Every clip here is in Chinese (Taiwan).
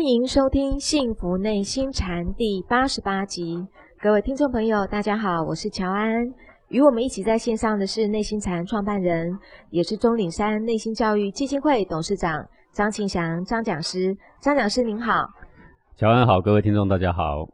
歡迎收聽《幸福內心禪》第八十八集，各位聽眾朋友，大家好，我是喬安。與我們一起在線上的是內心禪創辦人，也是中嶺山內心教育基金會董事長張慶祥張講師。張講師您好，喬安好，各位聽眾大家好。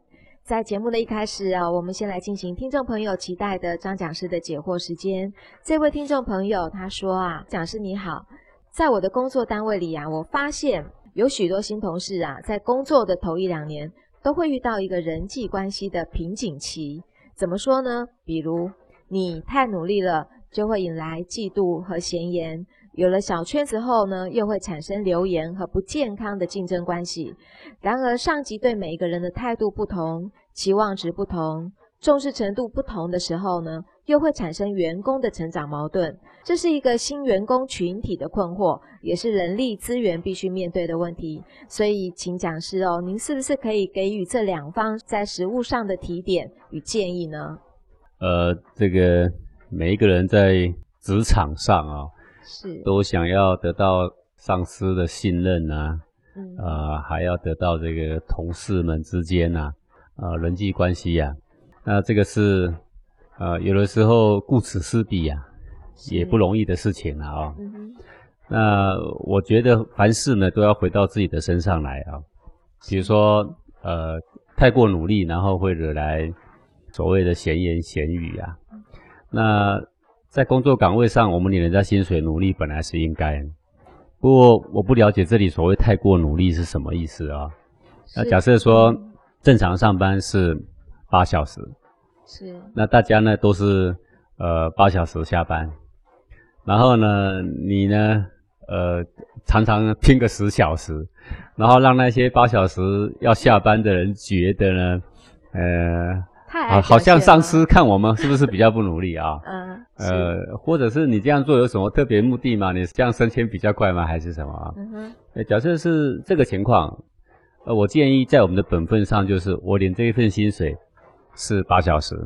在節目的一開始啊，我們先來進行聽眾朋友期待的張講師的解惑時間。這位聽眾朋友他說啊，講師你好，在我的工作單位裡啊，我發現。有許多新同事啊，在工作的頭一兩年，都會遇到一個人際關係的瓶頸期。怎麼說呢？比如你太努力了，就會引來嫉妒和閒言；有了小圈子後呢，又會產生流言和不健康的競爭關係。然而，上級對每一個人的態度不同，期望值不同，重視程度不同的時候呢，又會產生員工的成長矛盾，這是一個新員工群體的困惑，也是人力資源必須面對的問題。所以，請禪師哦，您是不是可以給予這兩方在實務上的提點與建議呢？呃，這個每一個人在職場上啊、哦，是都想要得到上司的信任、啊、嗯，啊、呃，還要得到這個同事們之間吶、啊、呃，人際關係呀、啊，那這個是。呃，有的時候顧此失彼啊，是也不容易的事情了啊、哦。嗯、哼那我覺得凡事呢，都要回到自己的身上來啊。是比如說，呃，太過努力，然後會惹來所謂的閒言閒語啊。嗯、那在工作崗位上，我們領人家薪水，努力本來是應該的。不過，我不了解這裡所謂太過努力是什麼意思啊？是那假設說、嗯、正常上班是八小時。是，那大家呢都是，呃，八小時下班，然後呢，你呢，呃，常常拼個十小時，然後讓那些八小時要下班的人覺得呢，呃，太、啊、好像上司看我們是不是比較不努力啊？ 嗯，是呃，或者是你這樣做有什麼特別目的嗎？你這樣升遷比較快嗎？還是什麼啊？嗯哼、呃，假設是這個情況，呃，我建議在我們的本分上就是，我領這一份薪水。是八小時，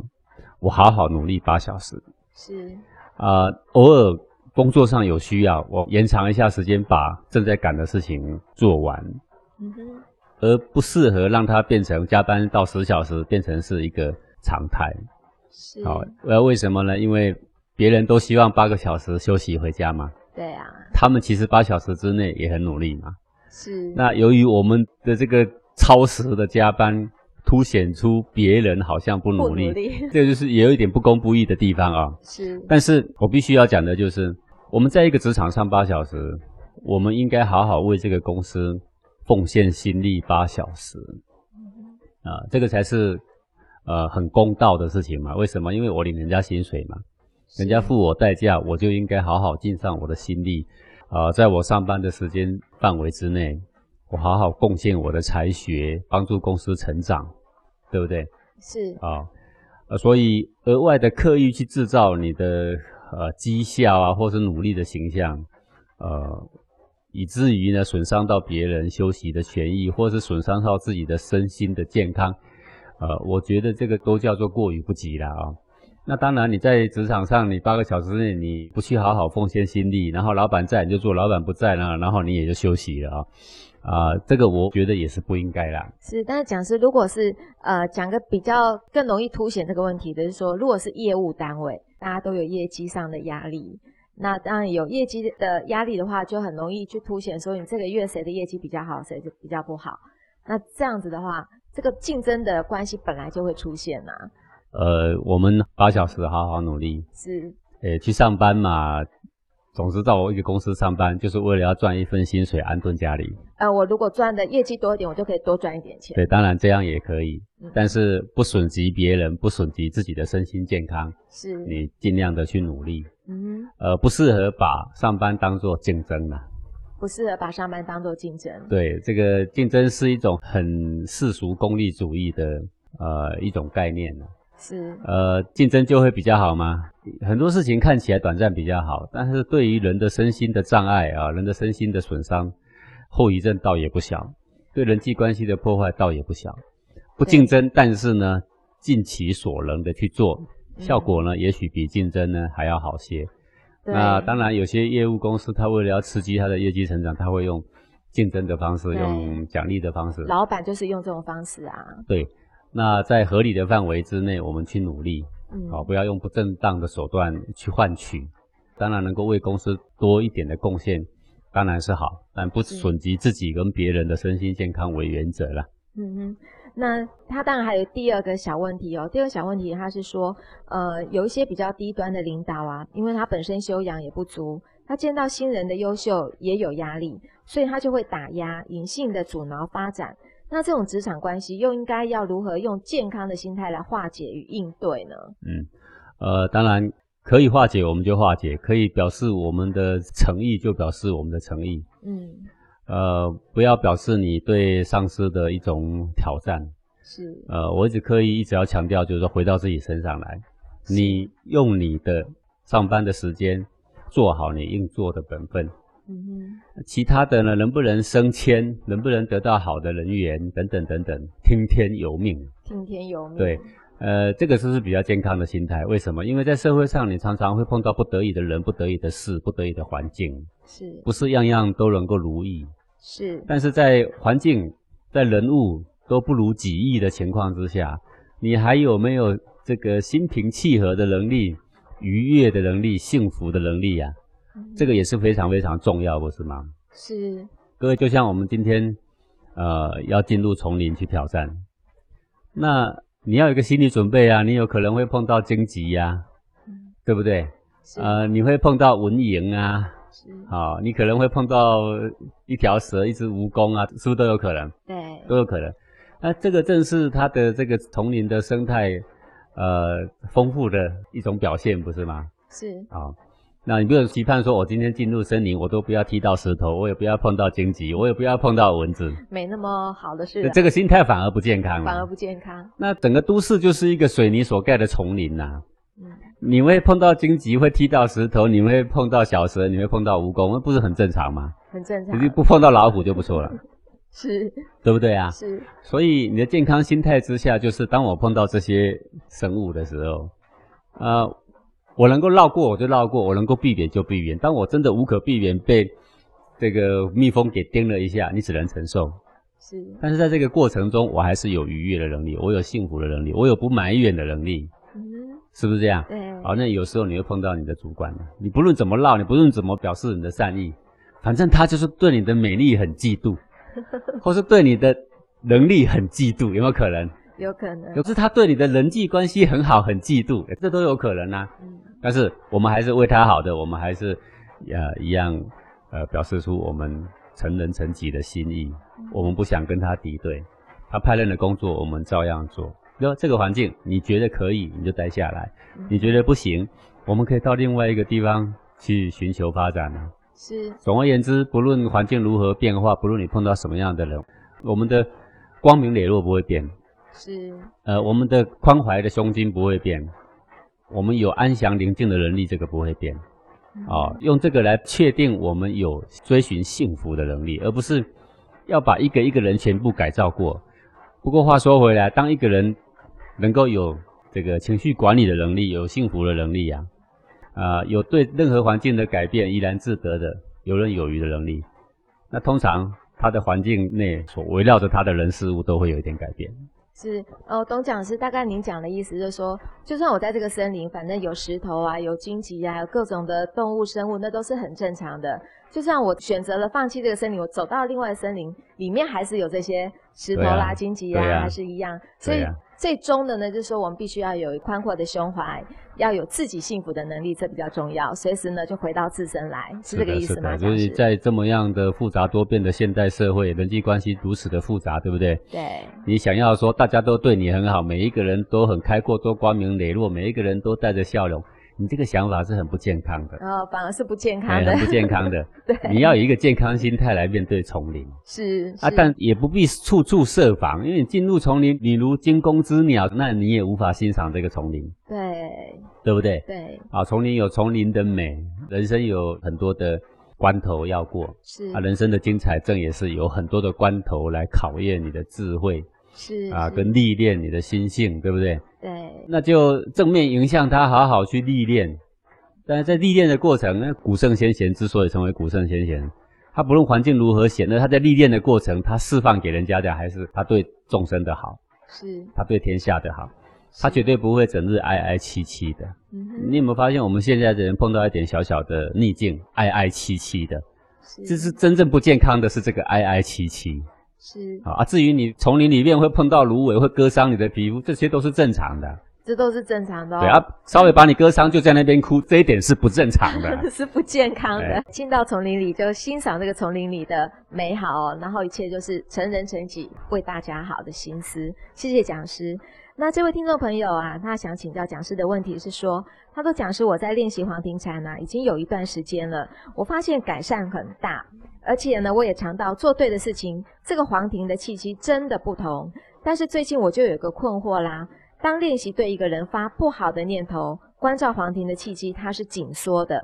我好好努力八小時。是啊。呃，偶爾工作上有需要，我延長一下時間，把正在趕的事情做完。嗯哼。而不適合讓它變成加班到十小時，變成是一個常態。是。好，那為什麼呢？因為別人都希望八個小時休息回家嘛。對啊。他們其實八小時之內也很努力嘛。是。那由於我們的這個超時的加班。凸顯出別人好像不努力，這個就是也有一點不公不義的地方啊。是，但是我必須要講的就是，我們在一個職場上八小時，我們應該好好為這個公司奉獻心力八小時，啊，這個才是呃很公道的事情嘛。為什麼？因為我領人家薪水嘛，人家付我代價，我就應該好好盡上我的心力，啊，在我上班的時間範圍之內。我好好貢獻我的才學，幫助公司成長，對不對？是啊，呃、哦，所以額外的刻意去製造你的呃績效啊，或是努力的形象，呃，以至於呢，損傷到別人休息的權益，或是損傷到自己的身心的健康，呃，我覺得這個都叫做過猶不及了啊、哦。那當然，你在職場上，你八個小時之內，你不去好好奉獻心力，然後老闆在你就做，老闆不在呢、啊，然後你也就休息了啊、哦。啊、呃，這個我覺得也是不應該啦。是，但是講師如果是呃講個比較更容易凸顯這個問題的，是說如果是業務單位，大家都有業績上的壓力，那當然有業績的壓力的話，就很容易去凸顯說你這個月誰的業績比較好，誰就比較不好。那這樣子的話，這個競爭的關係本來就會出現吶、啊。呃，我們八小時好好努力。是、欸，去上班嘛。總之到我一個公司上班，就是為了要賺一份薪水安頓家裡。呃，我如果賺的業績多一點，我就可以多賺一點錢。對，當然這樣也可以，嗯、但是不損及別人，不損及自己的身心健康。是，你盡量的去努力。嗯哼，呃，不適合把上班當做競爭了、啊。不適合把上班當做競爭。對，這個競爭是一種很世俗功利主義的呃一種概念、啊是，呃，競爭就會比較好嗎？很多事情看起來短暫比較好，但是對於人的身心的障礙啊，人的身心的損傷，後遺症倒也不小，對人際關係的破壞倒也不小。不競爭，對但是呢，盡其所能的去做，嗯、效果呢，也許比競爭呢還要好些。對那當然，有些業務公司，他為了要刺激他的業績成長，他會用競爭的方式，對用獎勵的方式。老闆就是用這種方式啊。對。那在合理的範圍之內，我們去努力，嗯，好、啊，不要用不正當的手段去換取。當然能夠為公司多一點的貢獻，當然是好，但不損及自己跟別人的身心健康為原則啦。嗯哼，那他當然還有第二個小問題哦。第二個小問題，他是說，呃，有一些比較低端的領導啊，因為他本身修養也不足，他見到新人的優秀也有壓力，所以他就會打壓、隱性的阻撓發展。那這種職場關係又應該要如何用健康的心態來化解與應對呢？嗯，呃，當然可以化解，我們就化解；可以表示我們的誠意，就表示我們的誠意。嗯，呃，不要表示你對上司的一種挑戰。是，呃，我一直刻意一直要強調，就是說回到自己身上來，是你用你的上班的時間做好你應做的本分。嗯，其他的呢，能不能升遷，能不能得到好的人緣，等等等等，聽天由命。聽天由命。對，呃，這個就是比較健康的心態。為什麼？因為在社會上，你常常會碰到不得已的人、不得已的事、不得已的環境，是不是樣樣都能夠如意？是。但是在環境、在人物都不如己意的情況之下，你還有沒有這個心平氣和的能力、愉悅的能力、幸福的能力呀、啊？這個也是非常非常重要，不是嗎？是。各位，就像我們今天，呃，要進入叢林去挑戰，那你要有一個心理準備啊，你有可能會碰到荊棘呀、啊，嗯、對不對？是。呃，你會碰到蚊蠅啊，是。好、哦，你可能會碰到一條蛇、一隻蜈蚣啊，是不是都有可能？對。都有可能。那這個正是它的這個叢林的生態，呃，豐富的一種表現，不是嗎？是。啊、哦。那你不用期盼說，我今天進入森林，我都不要踢到石頭，我也不要碰到荊棘，我也不要碰到蚊子，沒那麼好的事。這個心態反而不健康了，反而不健康。那整個都市就是一個水泥所蓋的叢林吶、啊，嗯、你會碰到荊棘，會踢到石頭，你會碰到小蛇，你會碰到蜈蚣，那不是很正常嗎？很正常，你不碰到老虎就不錯了， 是，對不對啊？是，所以你的健康心態之下，就是當我碰到這些生物的時候，啊、呃。嗯我能夠繞過我就繞過，我能夠避免就避免。但我真的無可避免被這個蜜蜂給叮了一下，你只能承受。是，但是在這個過程中，我還是有愉悅的能力，我有幸福的能力，我有不埋怨的能力。嗯，是不是這樣？對。好，那有時候你會碰到你的主管，你不論怎麼繞，你不論怎麼表示你的善意，反正他就是對你的美麗很嫉妒，或是對你的能力很嫉妒，有沒有可能？有可能，可是他對你的人際關係很好，很嫉妒，這都有可能吶、啊。嗯，但是我們還是為他好的，我們還是，呃，一樣，呃，表示出我們成人成己的心意。嗯、我們不想跟他敵對，他派任的工作我們照樣做。那這個環境你覺得可以，你就待下來；嗯、你覺得不行，我們可以到另外一個地方去尋求發展呢、啊。是。總而言之，不論環境如何變化，不論你碰到什麼樣的人，我們的光明磊落不會變。是，呃，我們的寬懷的胸襟不會變，我們有安詳寧靜的能力，這個不會變。哦，用這個來確定我們有追尋幸福的能力，而不是要把一個一個人全部改造過。不過話說回來，當一個人能夠有這個情緒管理的能力，有幸福的能力呀，啊，啊，呃，有對任何環境的改變怡然自得的游刃有餘的能力，那通常他的環境內所圍繞着他的人事物都會有一點改變。是，哦，董講師，大概您講的意思就是說，就算我在這個森林，反正有石頭啊，有荊棘啊，有各種的動物生物，那都是很正常的。就算我選擇了放棄這個森林，我走到了另外的森林裡面，還是有這些石頭啦、啊、荊棘呀、啊，啊、還是一樣。所以最終、啊、的呢，就是說我們必須要有寬闊的胸懷，要有自己幸福的能力，這比較重要。隨時呢，就回到自身來，是這個意思嗎？所以在這麼樣的複雜多變的現代社會，人際關係如此的複雜，對不對？對。你想要說大家都對你很好，每一個人都很開闊，都光明磊落，每一個人都帶着笑容。你這個想法是很不健康的啊、哦，反而是不健康的，對很不健康的。 對，你要有一個健康心態來面對叢林。是，是啊，但也不必處處設防，因為你進入叢林，你如驚弓之鳥，那你也無法欣賞這個叢林。對，對不對？對。啊，叢林有叢林的美，人生有很多的關頭要過。是啊，人生的精彩正也是有很多的關頭來考驗你的智慧。是，是啊，跟歷練你的心性，對不對？對，那就正面迎向他，好好去歷練。但是在歷練的過程，那古聖先賢之所以成為古聖先賢，他不論環境如何險惡，那他在歷練的過程，他釋放給人家的還是他對眾生的好，是，他對天下的好，他絕對不會整日哀哀戚戚的。是你有沒有發現，我們現在的人碰到一點小小的逆境，哀哀戚戚的，是這是真正不健康的，是這個哀哀戚戚。是啊，至於你叢林裡面會碰到蘆葦，會割傷你的皮膚，這些都是正常的。這都是正常的哦。對啊，稍微把你割傷就在那邊哭，這一點是不正常的， 是不健康的。對進到叢林裡就欣賞這個叢林裡的美好哦，然後一切就是成人成己，為大家好的心思。謝謝講師。那這位聽眾朋友啊，他想請教講師的問題是說，他說講師，我在練習黃庭禪啊，已經有一段時間了，我發現改善很大，而且呢，我也嘗到做對的事情，這個黃庭的氣息真的不同。但是最近我就有一個困惑啦，當練習對一個人發不好的念頭，關照黃庭的氣息它是緊縮的，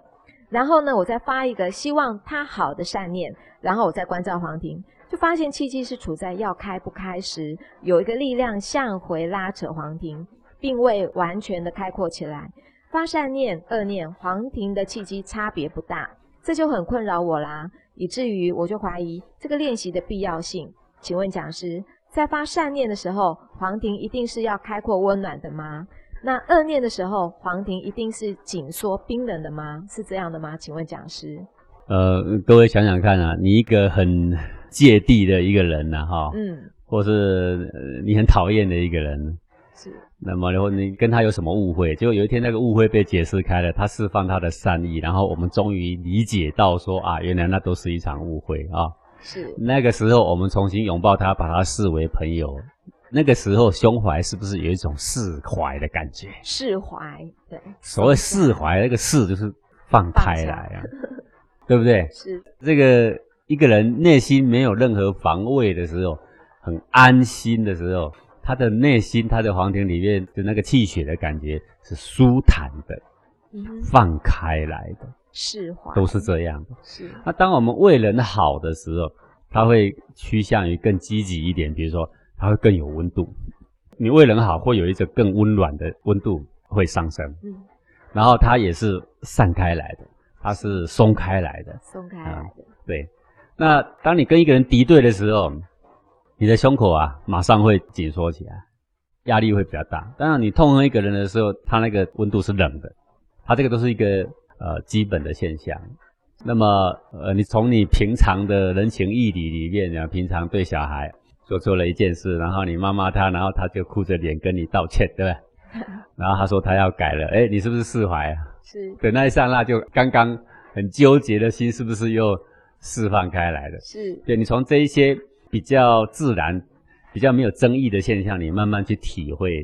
然後呢，我再發一個希望他好的善念，然後我再關照黃庭。就發現氣機是處在要開不開時，有一個力量向回拉扯黃庭，並未完全的開闊起來。發善念、惡念，黃庭的氣機差別不大，這就很困擾我啦，以至於我就懷疑這個練習的必要性。請問講師，在發善念的時候，黃庭一定是要開闊溫暖的嗎？那惡念的時候，黃庭一定是緊縮冰冷的嗎？是這樣的嗎？請問講師。呃，各位想想看啊，你一個很。芥蒂的一個人呢，哈，嗯，或是你很討厭的一個人，是、嗯。那麼然後你跟他有什麼誤會，結果有一天那個誤會被解釋開了，他釋放他的善意，然後我們終於理解到說啊，原來那都是一場誤會啊。是。那個時候我們重新擁抱他，把他視為朋友，那個時候胸懷是不是有一種釋懷的感覺？釋懷，對。所謂釋懷，那個釋就是放開來啊。放下 對不對？是。這個。一個人內心沒有任何防衛的時候，很安心的時候，他的內心，他的黃庭裡面的那個氣血的感覺是舒坦的，嗯、放開來的，釋懷，都是這樣的。是。那當我們為人好的時候，他會趨向於更積極一點，比如說，他會更有溫度。你為人好，會有一個更溫暖的溫度會上升。嗯。然後它也是散開來的，它是鬆開來的。鬆開來的、嗯。對。那當你跟一個人敵對的時候，你的胸口啊馬上會緊縮起來，壓力會比較大。當然，你痛恨一個人的時候，他那個溫度是冷的，他這個都是一個呃基本的現象。嗯、那麼，呃，你從你平常的人情義理裡面，你平常對小孩做錯了一件事，然後你罵罵他，然後他就哭着臉跟你道歉，對吧？ 然後他說他要改了，誒你是不是釋懷啊？是。等那一剎那，就剛剛很糾結的心，是不是又？釋放開來的是，是對你從這一些比較自然、比較沒有爭議的現象裡，慢慢去體會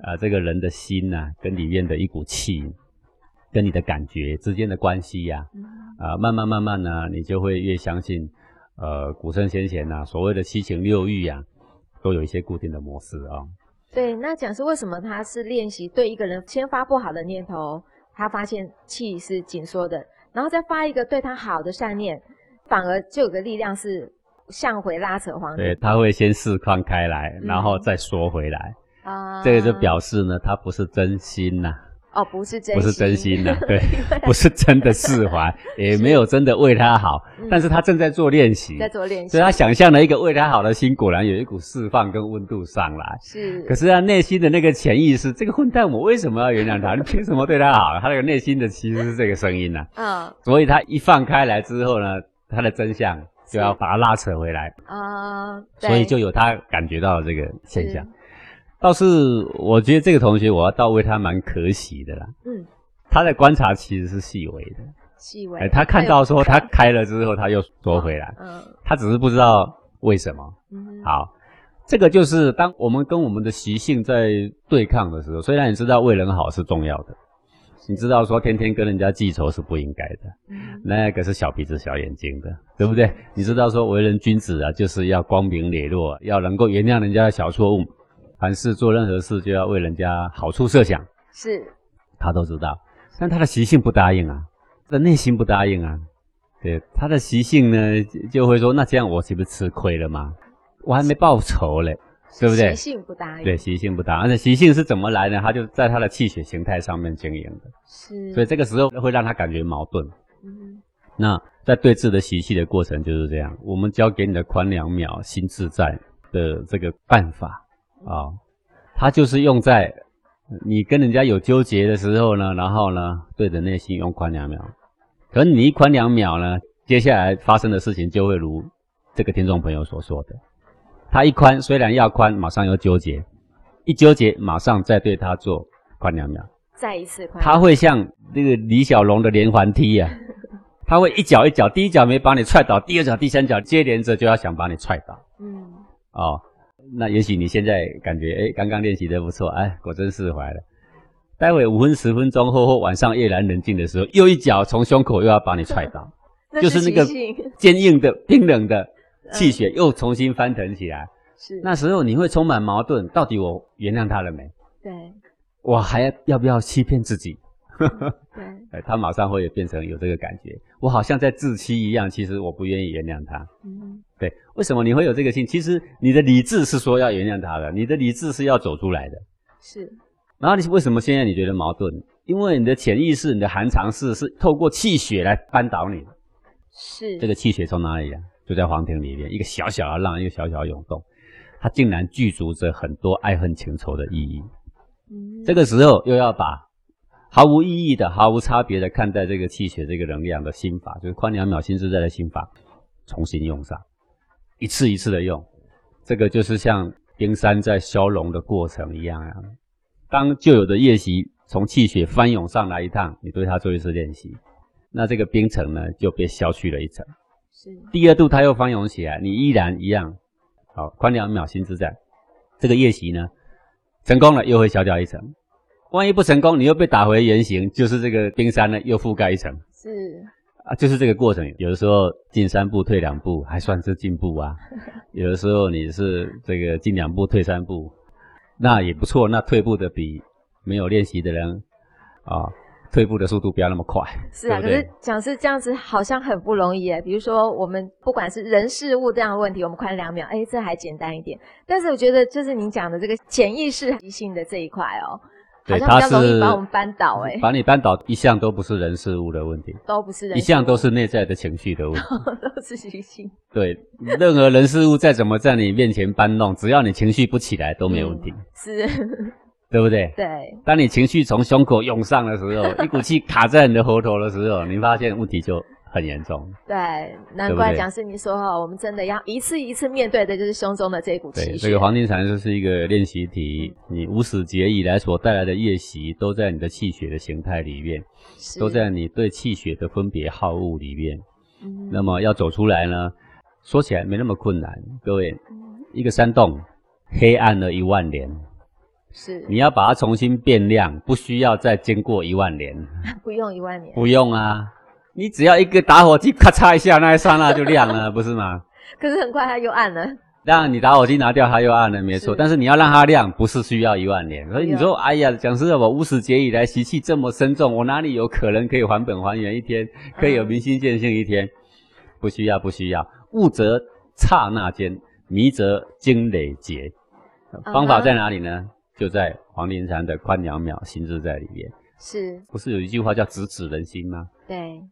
啊、呃，這個人的心吶、啊，跟裡面的一股氣，跟你的感覺之間的關係呀，啊、呃，慢慢慢慢呢、啊，你就會越相信，呃，古聖先賢吶，所謂的七情六欲呀、啊，都有一些固定的模式啊、哦。對，那講是為什麼他是練習對一個人先發不好的念頭，他發現氣是緊縮的，然後再發一個對他好的善念。反而就有個力量是向回拉扯，黃對，他會先釋放開來，然後再縮回來啊。這個就表示呢，他不是真心吶。哦，不是真不是真心吶，對，不是真的釋懷，也沒有真的為他好。但是他正在做練習，在做練習，所以他想象了一個為他好的心，果然有一股釋放跟溫度上來。是，可是他內心的那個潛意識，這個混蛋，我為什麼要原諒他？你憑什麼對他好？他那個內心的其實是這個聲音吶。嗯，所以他一放開來之後呢？他的真相就要把他拉扯回來啊，所以就有他感覺到的這個現象。倒是我覺得這個同學，我要到位，他蠻可喜的啦。嗯，他的觀察其實是細微的，細微。他看到說他開了之後，他又縮回來，嗯。他只是不知道為什麼。嗯。好，這個就是當我們跟我們的習性在對抗的時候，雖然你知道為人好是重要的。你知道說天天跟人家記仇是不應該的，嗯、那個是小鼻子小眼睛的，對不對？是你知道說為人君子啊，就是要光明磊落，要能夠原諒人家的小錯誤，凡事做任何事就要為人家好處設想。是，他都知道，但他的習性不答應啊，他的內心不答應啊，對，他的習性呢就會說，那這樣我豈不是吃虧了嗎？我還沒報仇嘞。對不，對，不對？習性不搭，對習性不搭，而且習性是怎麼來呢？他就在他的氣血形態上面經營的，是，所以這個時候會讓他感覺矛盾。嗯哼，那在對峙的習氣的過程就是這樣，我們教給你的寬兩秒、心自在的這個辦法啊、嗯哦，它就是用在你跟人家有糾結的時候呢，然後呢對着內心用寬兩秒，可是你一寬兩秒呢，接下來發生的事情就會如這個聽眾朋友所說的。他一寬，雖然要寬，馬上又糾結；一糾結，馬上再對他做寬兩秒。再一次寬兩。他會像那個李小龍的連環踢呀、啊，他會一腳一腳，第一腳沒把你踹倒，第二腳、第三腳接連着就要想把你踹倒。嗯。哦，那也許你現在感覺，誒，剛剛練習的不錯，哎，果真釋懷了。待會五分、十分鐘後後晚上夜闌人靜的時候，又一腳從胸口又要把你踹倒，是就是那個堅硬的、冰冷的。對氣血又重新翻騰起來，是那時候你會充滿矛盾，到底我原諒他了沒？對，我還要不要欺騙自己？呵呵、嗯。對， 他馬上會變成有這個感覺，我好像在自欺一樣，其實我不願意原諒他。嗯，對，為什麼你會有這個心？其實你的理智是說要原諒他的，你的理智是要走出來的。是，然後你為什麼現在你覺得矛盾？因為你的潛意識、你的含藏識是透過氣血來扳倒你。是，這個氣血從哪裡啊？就在黃庭裡面，一個小小的浪，一個小小的湧動，它竟然具足着很多愛恨情仇的意義。嗯、這個時候，又要把毫無意義的、毫無差別的看待這個氣血、這個能量的心法，就是寬兩秒，秒心自在的心法，重新用上，一次一次的用。這個就是像冰山在消融的過程一樣啊。當舊有的業習從氣血翻湧上來一趟，你對它做一次練習，那這個冰層呢，就被消去了一層。是第二度它又翻湧起來，你依然一樣，好，寬兩秒心之戰。這個練習呢，成功了又會消掉一層，萬一不成功，你又被打回原形，就是這個冰山呢又覆蓋一層。是啊，就是這個過程，有的時候進三步退兩步還算是進步啊，有的時候你是這個進兩步退三步，那也不錯，那退步的比沒有練習的人啊。哦退步的速度不要那麼快。是啊，對對，可是講是這樣子，好像很不容易哎。比如說，我們不管是人事物這樣的問題，我們寬兩秒，哎，這還簡單一點。但是我覺得，就是您講的這個潛意識習性的這一塊哦，對好像比較容易他是 把我們扳倒。哎，把你扳倒，一向都不是人事物的問題，都不是人事物，人。一向都是內在的情緒的問題， 都是習性。對，任何人事物再怎麼在你面前搬弄，只要你情緒不起來，都沒問題。嗯，是。對不對？對。當你情緒從胸口湧上的時候，一股氣卡在你的喉頭的時候， 你發現問題就很嚴重。對，難怪對對講師你說哈，我們真的要一次一次面對的就是胸中的這股氣。對，這個黃庭禪是一個練習題。嗯、你無始劫以來所帶來的業習都在你的氣血的形態裡面，是都在你對氣血的分別好惡裡面。嗯、那麼要走出來呢，說起來沒那麼困難。各位，嗯、一個山洞，黑暗了一萬年。是，你要把它重新變亮，不需要再經過一萬年，不用一萬年，不用啊，你只要一個打火機，咔嚓一下，那一剎那就亮了， 不是嗎？可是很快它又暗了。讓你打火機拿掉，它又暗了，沒錯。是但是你要讓它亮，不是需要一萬年。所以你說，用哎呀，講實在，我無始劫以來習氣這麼深重，我哪裡有可能可以還本還原一天，可以有明心見性一天？嗯、不需要，不需要。悟則剎那間，迷則經累劫。方法在哪裡呢？嗯就在黃庭禪的寬兩秒心智在裡面，是，不是有一句話叫直指人心嗎？對，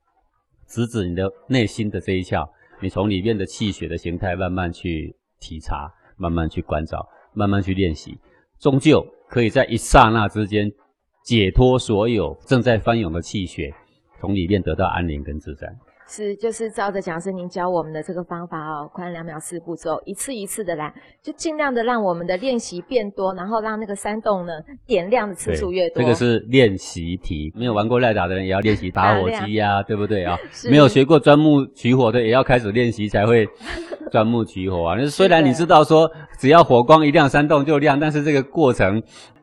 直指你的內心的這一竅，你從裡面的氣血的形態慢慢去體察，慢慢去關照，慢慢去練習，終究可以在一剎那之間解脫所有正在翻湧的氣血，從裡面得到安寧跟自在。是，就是照着講師您教我們的這個方法哦、喔，寬兩秒四步驟，一次一次的來，就盡量的讓我們的練習變多，然後讓那個山洞呢點亮的次數越多。這個是練習題，沒有玩過賴打的人也要練習打火機呀、啊，啊對，啊、對不對啊、喔？是沒有學過鑽木取火的也要開始練習才會鑽木取火啊。那雖然你知道說只要火光一亮山洞就亮，但是這個過程。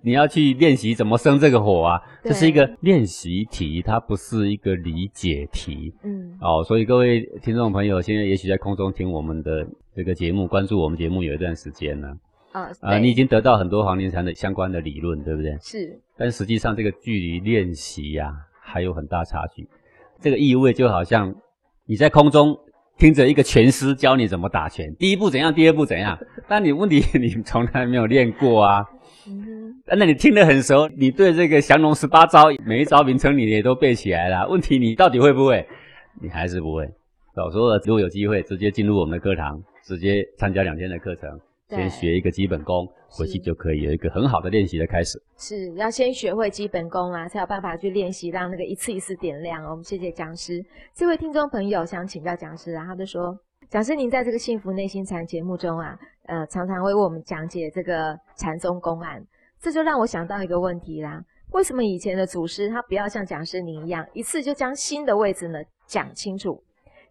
你要去練習怎麼生這個火啊？對這是一個練習題，它不是一個理解題。嗯，哦，所以各位聽眾朋友，現在也許在空中聽我們的這個節目，關注我們節目有一段時間了。啊、哦呃、你已經得到很多黃庭禪的相關的理論，對不對？是。但實際上這個距離練習呀、啊，還有很大差距。這個意味就好像你在空中聽着一個拳師教你怎麼打拳，第一步怎樣，第二步怎樣， 但你問題你從來沒有練過啊。嗯。那你聽得很熟，你對這個降龍十八招每一招名稱你也都背起來了。問題你到底會不會？你還是不會。早說了，如果有機會，直接進入我們的課堂，直接參加兩天的課程，對先學一個基本功，回去就可以有一個很好的練習的開始。是，是要先學會基本功啊，才有辦法去練習，讓那個一次一次點亮。我們謝謝講師。這位聽眾朋友想請教講師啊，他就說：講師您在這個幸福內心禪節目中啊，呃，常常會為我們講解這個禪宗公案。這就讓我想到一個問題啦：為什麼以前的祖師他不要像講師您一樣，一次就將心的位置呢講清楚，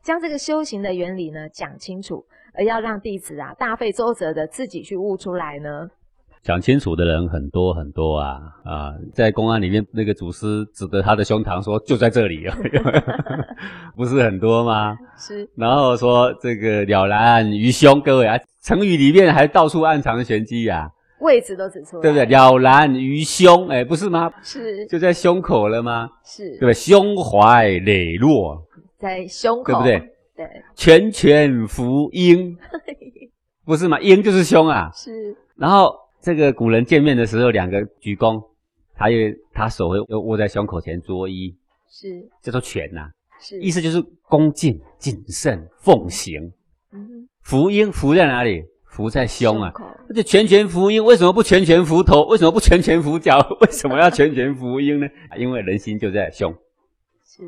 將這個修行的原理呢講清楚，而要讓弟子啊大費周折的自己去悟出來呢？講清楚的人很多很多啊啊，在公案裡面那個祖師指着他的胸膛說：“就在這裡啊。” 不是很多嗎？是。然後說這個了然於胸，各位啊，成語裡面還到處暗藏玄機呀、啊。位置都指錯了，對不對？了然於胸，誒、欸、不是嗎？是，就在胸口了嗎？是，對吧對？胸懷磊落，在胸口，對不對？對。拳拳服膺，不是嗎？膺就是胸啊。是。然後這個古人見面的時候，兩個鞠躬，他也他手又握在胸口前作揖，是，叫做拳吶、啊。是。意思就是恭敬、謹慎、奉行。嗯哼。服膺服在哪裡？不在胸啊，那就口拳拳服膺，為什麼不拳拳服頭？為什麼不拳拳服腳？為什麼要拳拳服膺呢？因為人心就在胸。是。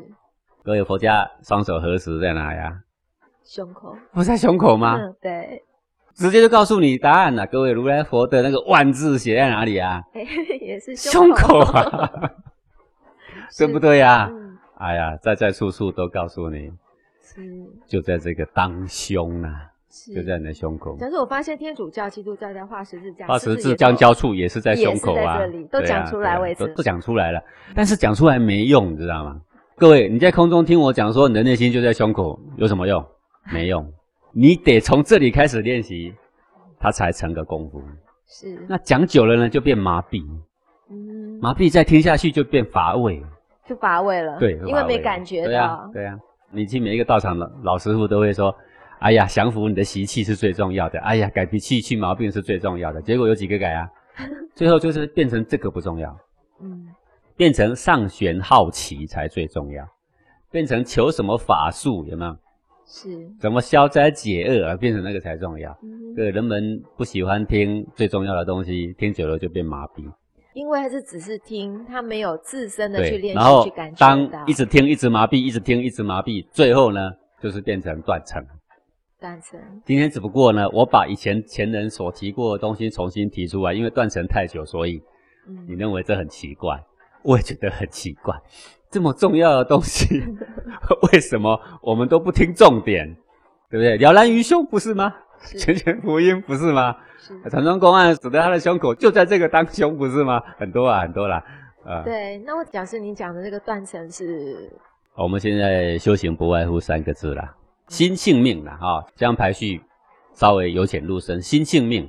各位佛家雙手合十在哪呀、啊？胸口。不在胸口嗎？嗯、對。直接就告訴你答案了、啊，各位如來佛的那個萬字寫在哪裡啊？欸、也是胸口，胸口啊， 是 對不對呀、啊？嗯、哎呀，在在處處都告訴你，是，就在這個當胸啊。就在你的胸口。假如我發現，天主教、基督教在畫十字架，十字交叉處也是在胸口啊。都講出來為止。都講出來了。但是講出來沒用，你知道嗎？各位，你在空中聽我講說你的內心就在胸口，有什麼用？沒用。你得從這裡開始練習，它才成個功夫。是。那講久了呢，就變麻痹。嗯。麻痹再聽下去就變乏味。就乏味了。對。因為沒感覺到。對啊，對啊。你去每一個道場的老師傅都會說。哎呀，降服你的習氣是最重要的。哎呀，改脾氣、去毛病是最重要的。結果有幾個改啊？最後就是變成這個不重要，嗯，變成上旋好奇才最重要，變成求什麼法術有沒有？是，怎麼消災解厄而變成那個才重要？對、嗯哼，人們不喜歡聽最重要的東西，聽久了就變麻痹。因為還是只是聽，他沒有自身的去練習去感受。當一直聽，一直麻痹；一直聽，一直麻痹。最後呢，就是變成斷層。斷層，今天只不過呢，我把以前前人所提過的東西重新提出來，因為斷層太久，所以你認為這很奇怪，嗯、我也覺得很奇怪，這麼重要的東西， 為什麼我們都不聽重點， 對不對？了然於胸不是嗎？拳拳服膺不是嗎？是禪宗公案指在他的胸口，就在這個當胸不是嗎？很多啊，很多啦，啊、呃。對，那我假設你講的這個斷層是，我們現在修行不外乎三個字啦。心性命了哈，這、哦、樣排序稍微由淺入深。心性命，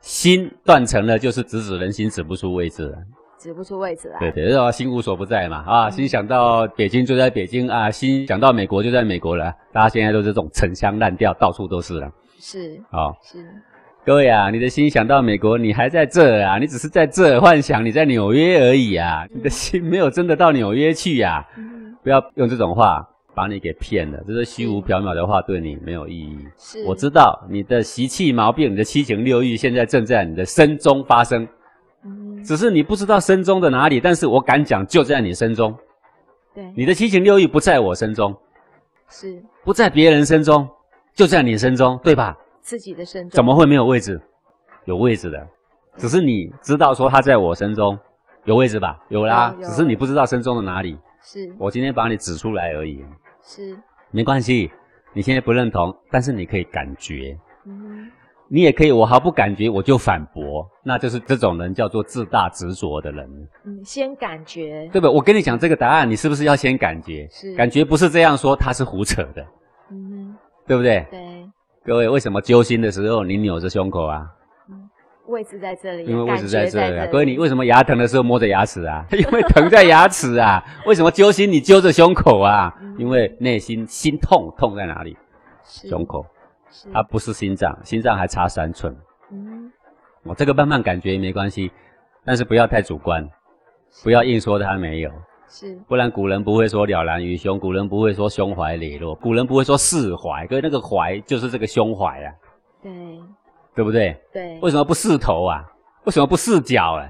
心斷層了，就是直指人心指不出位置了，指不出位置啊。對對,對、哦，心無所不在嘛啊，嗯、心想到北京就在北京啊，心想到美國就在美國了。大家現在都是這種陳腔濫調，到處都是了。是啊，哦、是。各位啊，你的心想到美國，你還在這兒啊？你只是在這幻想你在紐約而已啊，嗯、你的心沒有真的到紐約去呀、啊。嗯、不要用這種話。把你給騙了，這、就是虛無縹緲的話，對你沒有意義。是，我知道你的習氣毛病，你的七情六慾現在正在你的身中發生。嗯，只是你不知道身中的哪裡，但是我敢講，就在你身中。對，你的七情六慾不在我身中，是，不在別人身中，就在你身中，對吧？自己的身中，怎麼會沒有位置？有位置的，嗯、只是你知道說它在我身中有位置吧？有啦，嗯、有，只是你不知道身中的哪裡。是我今天把你指出來而已。是，沒關係，你現在不認同，但是你可以感覺，嗯哼，你也可以，我毫不感覺，我就反駁，那就是這種人叫做自大執着的人。嗯，先感覺，對不對？我跟你講這個答案，你是不是要先感覺？是，感覺不是這樣說，他是胡扯的，嗯哼，對不對？對，各位，為什麼揪心的時候，你扭着胸口啊？位置在這裡、啊，因為位置在這裡、啊，所以、啊、你為什麼牙疼的時候摸着牙齒啊？ 因為疼在牙齒啊。 為什麼揪心你揪着胸口啊？ 因為內心心痛痛在哪裡？是胸口，是它不是心臟，心臟還差三寸。嗯、 哦，我這個慢慢感覺沒關係，但是不要太主觀，不要硬說它沒有，是，不然古人不會說了然於胸，古人不會說胸懷磊落，古人不會說釋懷，所以那個懷就是這個胸懷啊。對。對不對？對，為什麼不試頭啊？為什麼不試腳啊？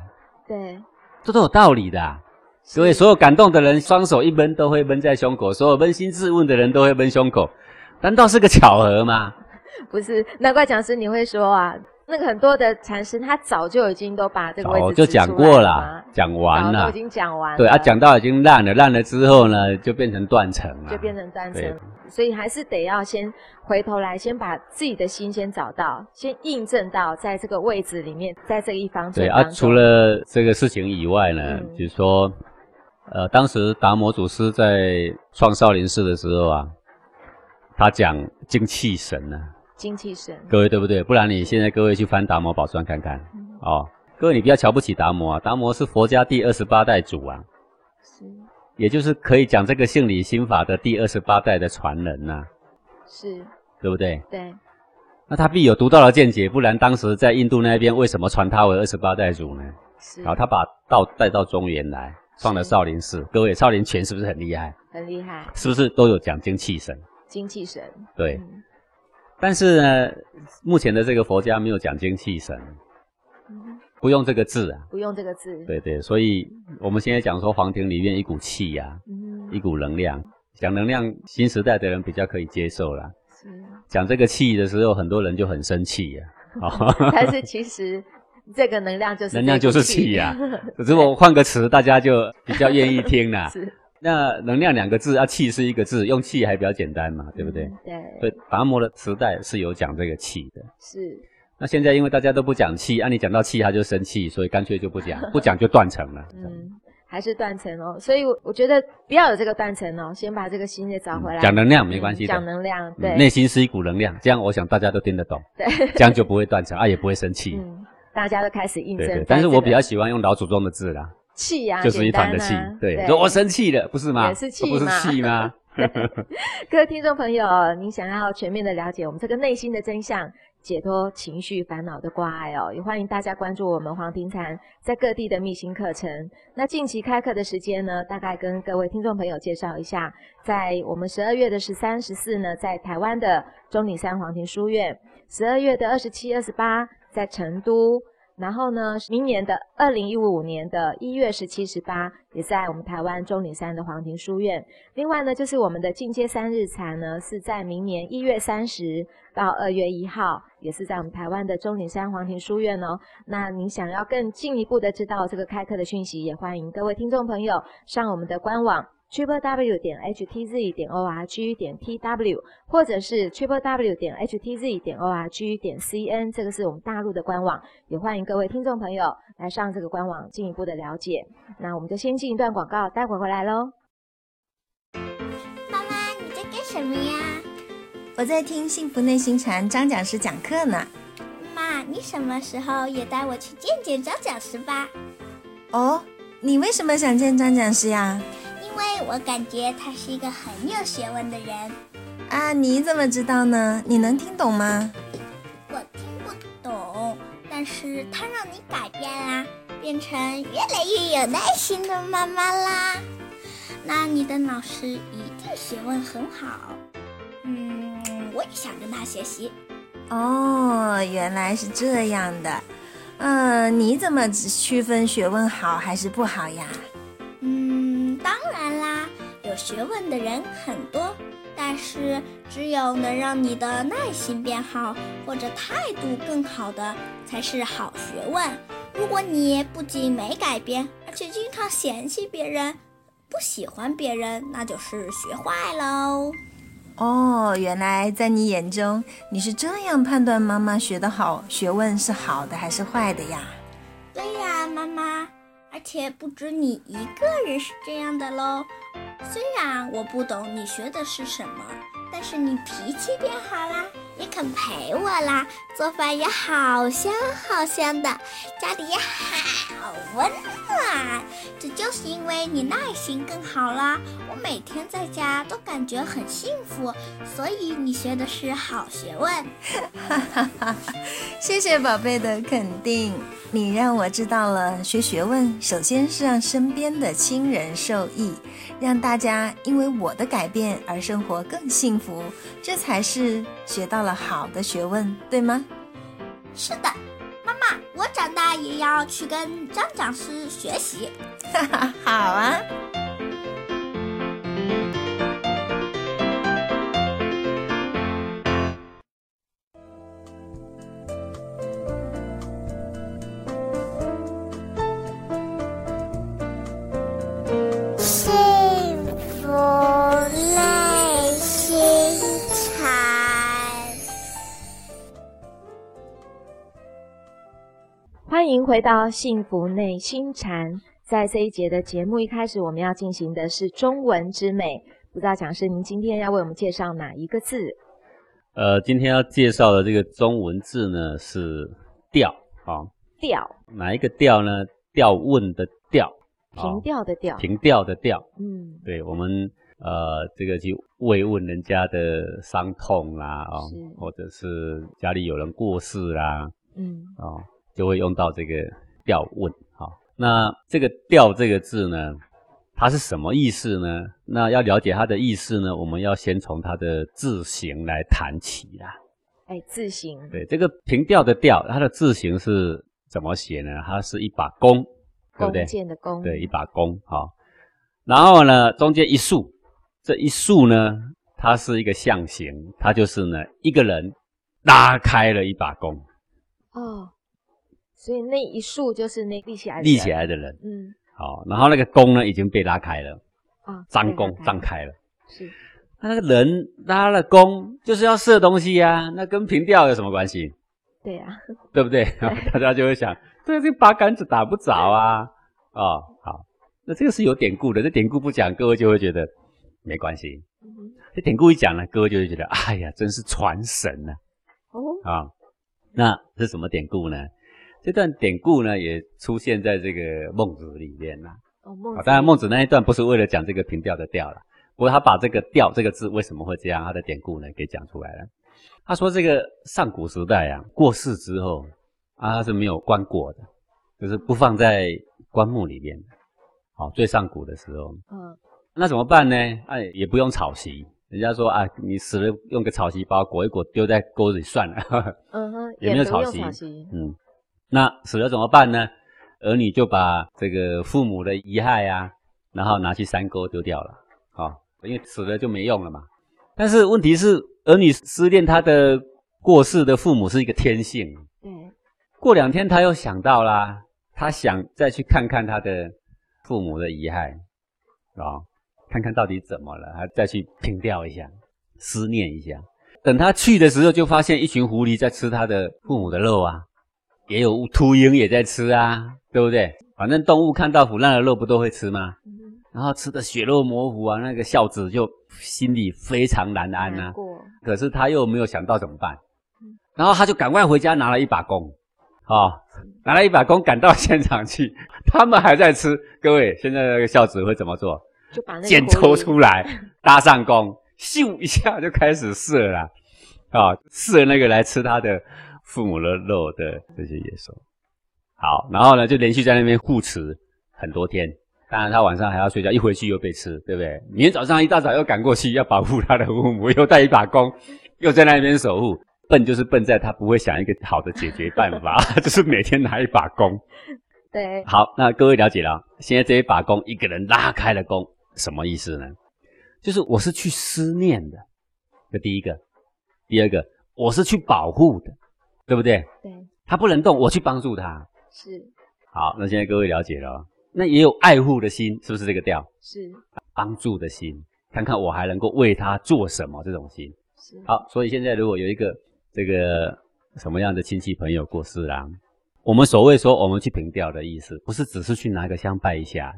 對，這都有道理的啊。是所以，所有感動的人，雙手一悶都會悶在胸口；所有捫心自問的人都會悶胸口。難道是個巧合嗎？不是，難怪講師你會說啊。那個很多的禪師，他早就已經都把這個位置，就講過了，講完啦，就講完了，已經講完。對啊，講到已經爛了，爛了之後呢，就變成斷層了，就變成斷層。對所以還是得要先回頭來，先把自己的心先找到，先印證到在這個位置裡面，在這一方。對啊，除了這個事情以外呢，就是、嗯嗯、說，呃，當時達摩祖師在創少林寺的時候啊，他講精氣神呢、啊。精氣神，各位對不對？不然你現在各位去翻《達摩寶傳》看看哦。各位，你不要瞧不起達摩啊，達摩是佛家第二十八代祖啊，是，也就是可以講這個性理心法的第二十八代的傳人吶，是，對不對？對，那他必有獨到的見解，不然當時在印度那邊為什麼傳他為二十八代祖呢？是，然後他把道帶到中原來，創了少林寺。各位，少林拳是不是很厲害？很厲害，是不是都有講精氣神？精氣神，對。但是呢，目前的這個佛家沒有講精氣神，不用這個字啊，不用這個字，對對，所以我們現在講說黃庭裡面一股氣呀、啊，嗯、一股能量，講能量新時代的人比較可以接受啦是講這個氣的時候，很多人就很生氣呀、啊，但是其實這個能量就是能量就是氣呀、啊，可是我換個詞，大家就比較願意聽啦是。那能量兩個字，啊氣是一個字，用氣還比較簡單嘛，對不對？嗯、對。對達摩的時代是有講這個氣的。是。那現在因為大家都不講氣，啊你講到氣他就生氣，所以乾脆就不講，不講就斷層了。嗯，還是斷層哦，所以我，我覺得不要有這個斷層哦，先把這個心給找回來。講能量沒關係。講能量，嗯、能量對、嗯，內心是一股能量，這樣我想大家都聽得懂。對。這樣就不會斷層啊，也不會生氣。嗯。大家都開始印證對，對，對這個、但是我比較喜歡用老祖宗的字啦。氣啊，就是一團的氣，啊，對，對我生氣了，不是嗎？也是氣不是氣嗎 ？各位聽眾朋友，您想要全面的了解我們這個內心的真相，解脫情緒煩惱的掛礙哦，也歡迎大家關注我們黃庭禪在各地的密心課程。那近期開課的時間呢，大概跟各位聽眾朋友介紹一下，在我們十二月的十三、十四呢，在台灣的中嶺山黃庭書院；十二月的二十七、二十八，在成都。然後呢，明年的二零一五年的一月十七、十八，也在我們台灣中嶺山的黃庭書院。另外呢，就是我們的進階三日禪呢，是在明年一月三十到二月一號，也是在我們台灣的中嶺山黃庭書院哦。那您想要更進一步的知道這個開課的訊息，也歡迎各位聽眾朋友上我們的官網。triple w 點 h t z 點 o r g 點 t w 或者是 triple w 點 h t z 點 o r g 點 c n，這個是我們大陸的官網，也歡迎各位聽眾朋友來上這個官網進一步的了解。那我們就先進一段廣告，待會兒回來嘍。媽媽，你在幹什麼呀？我在聽幸福內心禪張講師講課呢。媽，你什麼時候也帶我去見見張講師吧？哦，你為什麼想見張講師呀？因為我感覺他是一個很有學問的人啊！你怎麼知道呢？你能聽懂嗎？我聽不懂，但是他讓你改變啦、啊，變成越來越有耐心的媽媽啦。那你的老師一定學問很好。嗯，我也想跟他學習。哦，原來是這樣的。嗯、呃，你怎麼區分學問好還是不好呀？嗯。當然啦，有學問的人很多，但是只有能讓你的耐心變好或者態度更好的才是好學問。如果你不僅沒改變，而且經常嫌棄別人、不喜歡別人，那就是學壞嘍。哦，原來在你眼中，你是這樣判斷媽媽學的好、學問是好的還是壞的呀？對呀、啊，媽媽。而且不止你一個人是這樣的嘍。雖然我不懂你學的是什麼，但是你脾氣變好啦。你肯陪我啦，做飯也好香好香的，家裡也好溫暖。這就是因為你耐心更好啦，我每天在家都感覺很幸福。所以你學的是好學問，哈哈哈哈哈！謝謝寶貝的肯定，你讓我知道了，學學問首先是讓身邊的親人受益，讓大家因為我的改變而生活更幸福，這才是學到了。好的學問，對嗎？是的，媽媽，我長大也要去跟張講師學習。 好啊。回到幸福內心禪，在這一節的節目一開始，我們要進行的是中文之美。不知道講師您今天要為我們介紹哪一個字？呃，今天要介紹的這個中文字呢是“弔”啊，喔。弔，“弔”哪一個“弔”呢？“弔問的弔”，憑弔的弔，喔，憑弔的弔。嗯，對，我們呃這個去慰問人家的傷痛啦，哦，喔，是，或者是家裡有人過世啦，嗯，哦，喔。就會用到這個“調”問，哈。那這個“調”這個字呢，它是什麼意思呢？那要了解它的意思呢，我們要先從它的字形來談起啦。哎、欸，字形。對，這個平調的“調”，它的字形是怎麼寫呢？它是一把弓，對不對？弓箭的弓。對，一把弓，哈。然後呢，中間一豎，這一豎呢，它是一個象形，它就是呢，一個人拉開了一把弓。哦。所以那一豎就是那立起來的人立起來的人，嗯，好，然後那個弓呢已經被拉開了，啊，張弓張開了，開是，那那個人拉了弓就是要射東西啊，那跟憑弔有什麼關係？對呀、啊，對不對？對啊、大家就會想，對，這八竿子打不着啊，對啊、哦，好，那這個是有典故的，這典故不講，各位就會覺得沒關係，這典故一講呢，各位就會覺得，哎呀，真是傳神吶、啊。哦，啊，那是什麼典故呢？這段典故呢，也出現在這個孟子裡面吶、oh, 啊。當然，孟子那一段不是為了講這個“憑弔”的“弔”了，不過他把這個“弔”這個字為什麼會這樣，他的典故呢，給講出來了。他說這個上古時代啊，過世之後啊，他是沒有棺槨的，就是不放在棺木裡面的。好、啊，最上古的時候，嗯，那怎麼辦呢？哎、啊，也不用草席，人家說啊，你死了用個草席包裹一裹，丟在溝裡算了。嗯 哼、uh，huh, 也沒有草席，草嗯。那死了怎麼辦呢？兒女就把這個父母的遺骸啊，然後拿去山溝丟掉了，好、哦，因為死了就沒用了嘛。但是問題是，兒女思念他的過世的父母是一個天性。嗯。過兩天他又想到啦，他想再去看看他的父母的遺骸，是看看到底怎麼了，他再去憑弔一下，思念一下。等他去的時候，就發現一群狐狸在吃他的父母的肉啊。也有禿鷹也在吃啊，對不對？反正動物看到腐爛的肉不都會吃嗎？嗯嗯，然後吃的血肉模糊啊，那個孝子就心裡非常難安啊。過可是他又沒有想到怎麼辦，嗯嗯，然後他就趕快回家拿了一把弓，啊、哦，拿了一把弓趕到現場去，他們還在吃。各位，現在那個孝子會怎麼做？就把那個箭抽出來，搭上弓，咻一下就開始射了啦，啊、哦，射那個來吃他的父母的肉的這些野獸，好，然後呢，就連續在那邊護持很多天。當然，他晚上還要睡覺，一回去又被吃，對不對？明天早上一大早又趕過去，要保護他的父母，又帶一把弓，又在那邊守護。笨就是笨在，他不會想一個好的解決辦法， 就是每天拿一把弓。對，好，那各位了解了。現在這一把弓，一個人拉開了弓，什麼意思呢？就是我是去思念的，這第一個；第二個，我是去保護的。對不對？對，他不能動，我去幫助他。是。好，那現在各位了解了，那也有愛護的心，是不是這個調？是。幫助的心，看看我還能夠為他做什麼，這種心。是。好，所以現在如果有一個這個什麼樣的親戚朋友過世了，我們所謂說我們去憑弔的意思，不是只是去拿個香拜一下，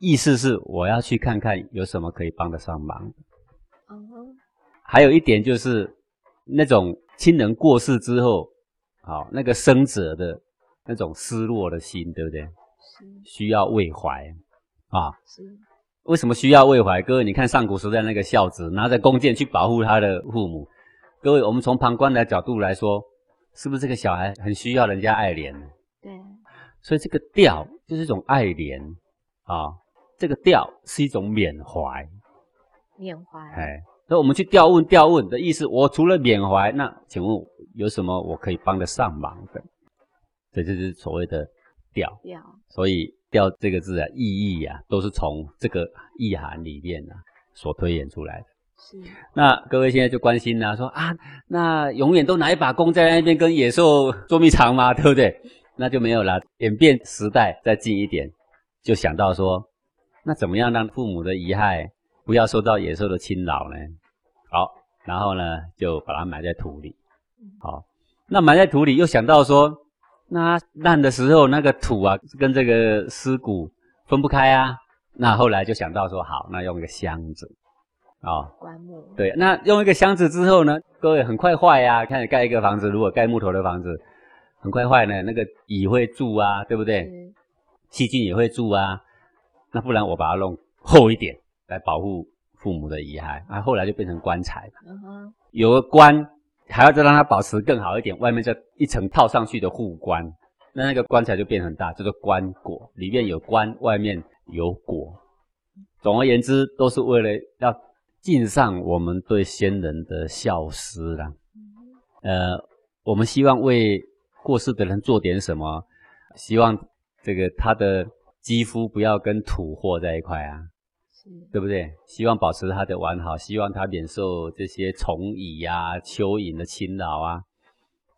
意思是我要去看看有什麼可以幫得上忙。哦、嗯哼。還有一點就是。那種親人過世之後，好、哦、那個生者的那種失落的心，對不對？是需要慰懷啊。哦、是。為什麼需要慰懷？各位，你看上古時代那個孝子拿着弓箭去保護他的父母。各位，我們從旁觀的角度來說，是不是這個小孩很需要人家愛憐？對。所以這個調就是一種愛憐啊、哦，這個調是一種緬懷。緬懷。哎。那我們去調問，調問的意思，我除了緬懷，那請問有什麼我可以幫得上忙的？這就是所謂的“調”。調，所以“調”這個字啊，意義啊，都是從這個意涵裡面啊所推演出來的。是。那各位現在就關心啦，啊，說啊，那永遠都拿一把弓在那邊跟野獸捉迷藏嗎？對不對？那就沒有啦。演變時代再近一點，就想到說，那怎麼樣讓父母的遺骸？不要受到野獸的侵擾呢。好，然後呢，就把它埋在土裡。好，嗯、那埋在土裡又想到說，那爛的時候那個土啊，跟這個屍骨分不開啊。那後來就想到說，好，那用一個箱子啊，哦美。棺木。對，那用一個箱子之後呢，各位很快壞呀。看你蓋一個房子，如果蓋木頭的房子，很快壞呢，那個蟻會蛀啊，對不對？細、嗯、菌也會蛀啊。那不然我把它弄厚一點。來保護父母的遺骸，啊，後來就變成棺材。Uh huh. 有個棺，還要再讓它保持更好一點，外面再一層套上去的護棺，那那個棺材就變很大，叫做棺槨。裡面有棺，外面有椁。總而言之，都是為了要敬上我們對先人的孝思啦。Uh huh. 呃，我們希望為過世的人做點什麼，希望這個他的肌膚不要跟土混在一塊啊。嗯、對不對？希望保持它的完好，希望它免受這些蟲蟻呀、啊、蚯蚓的侵擾啊，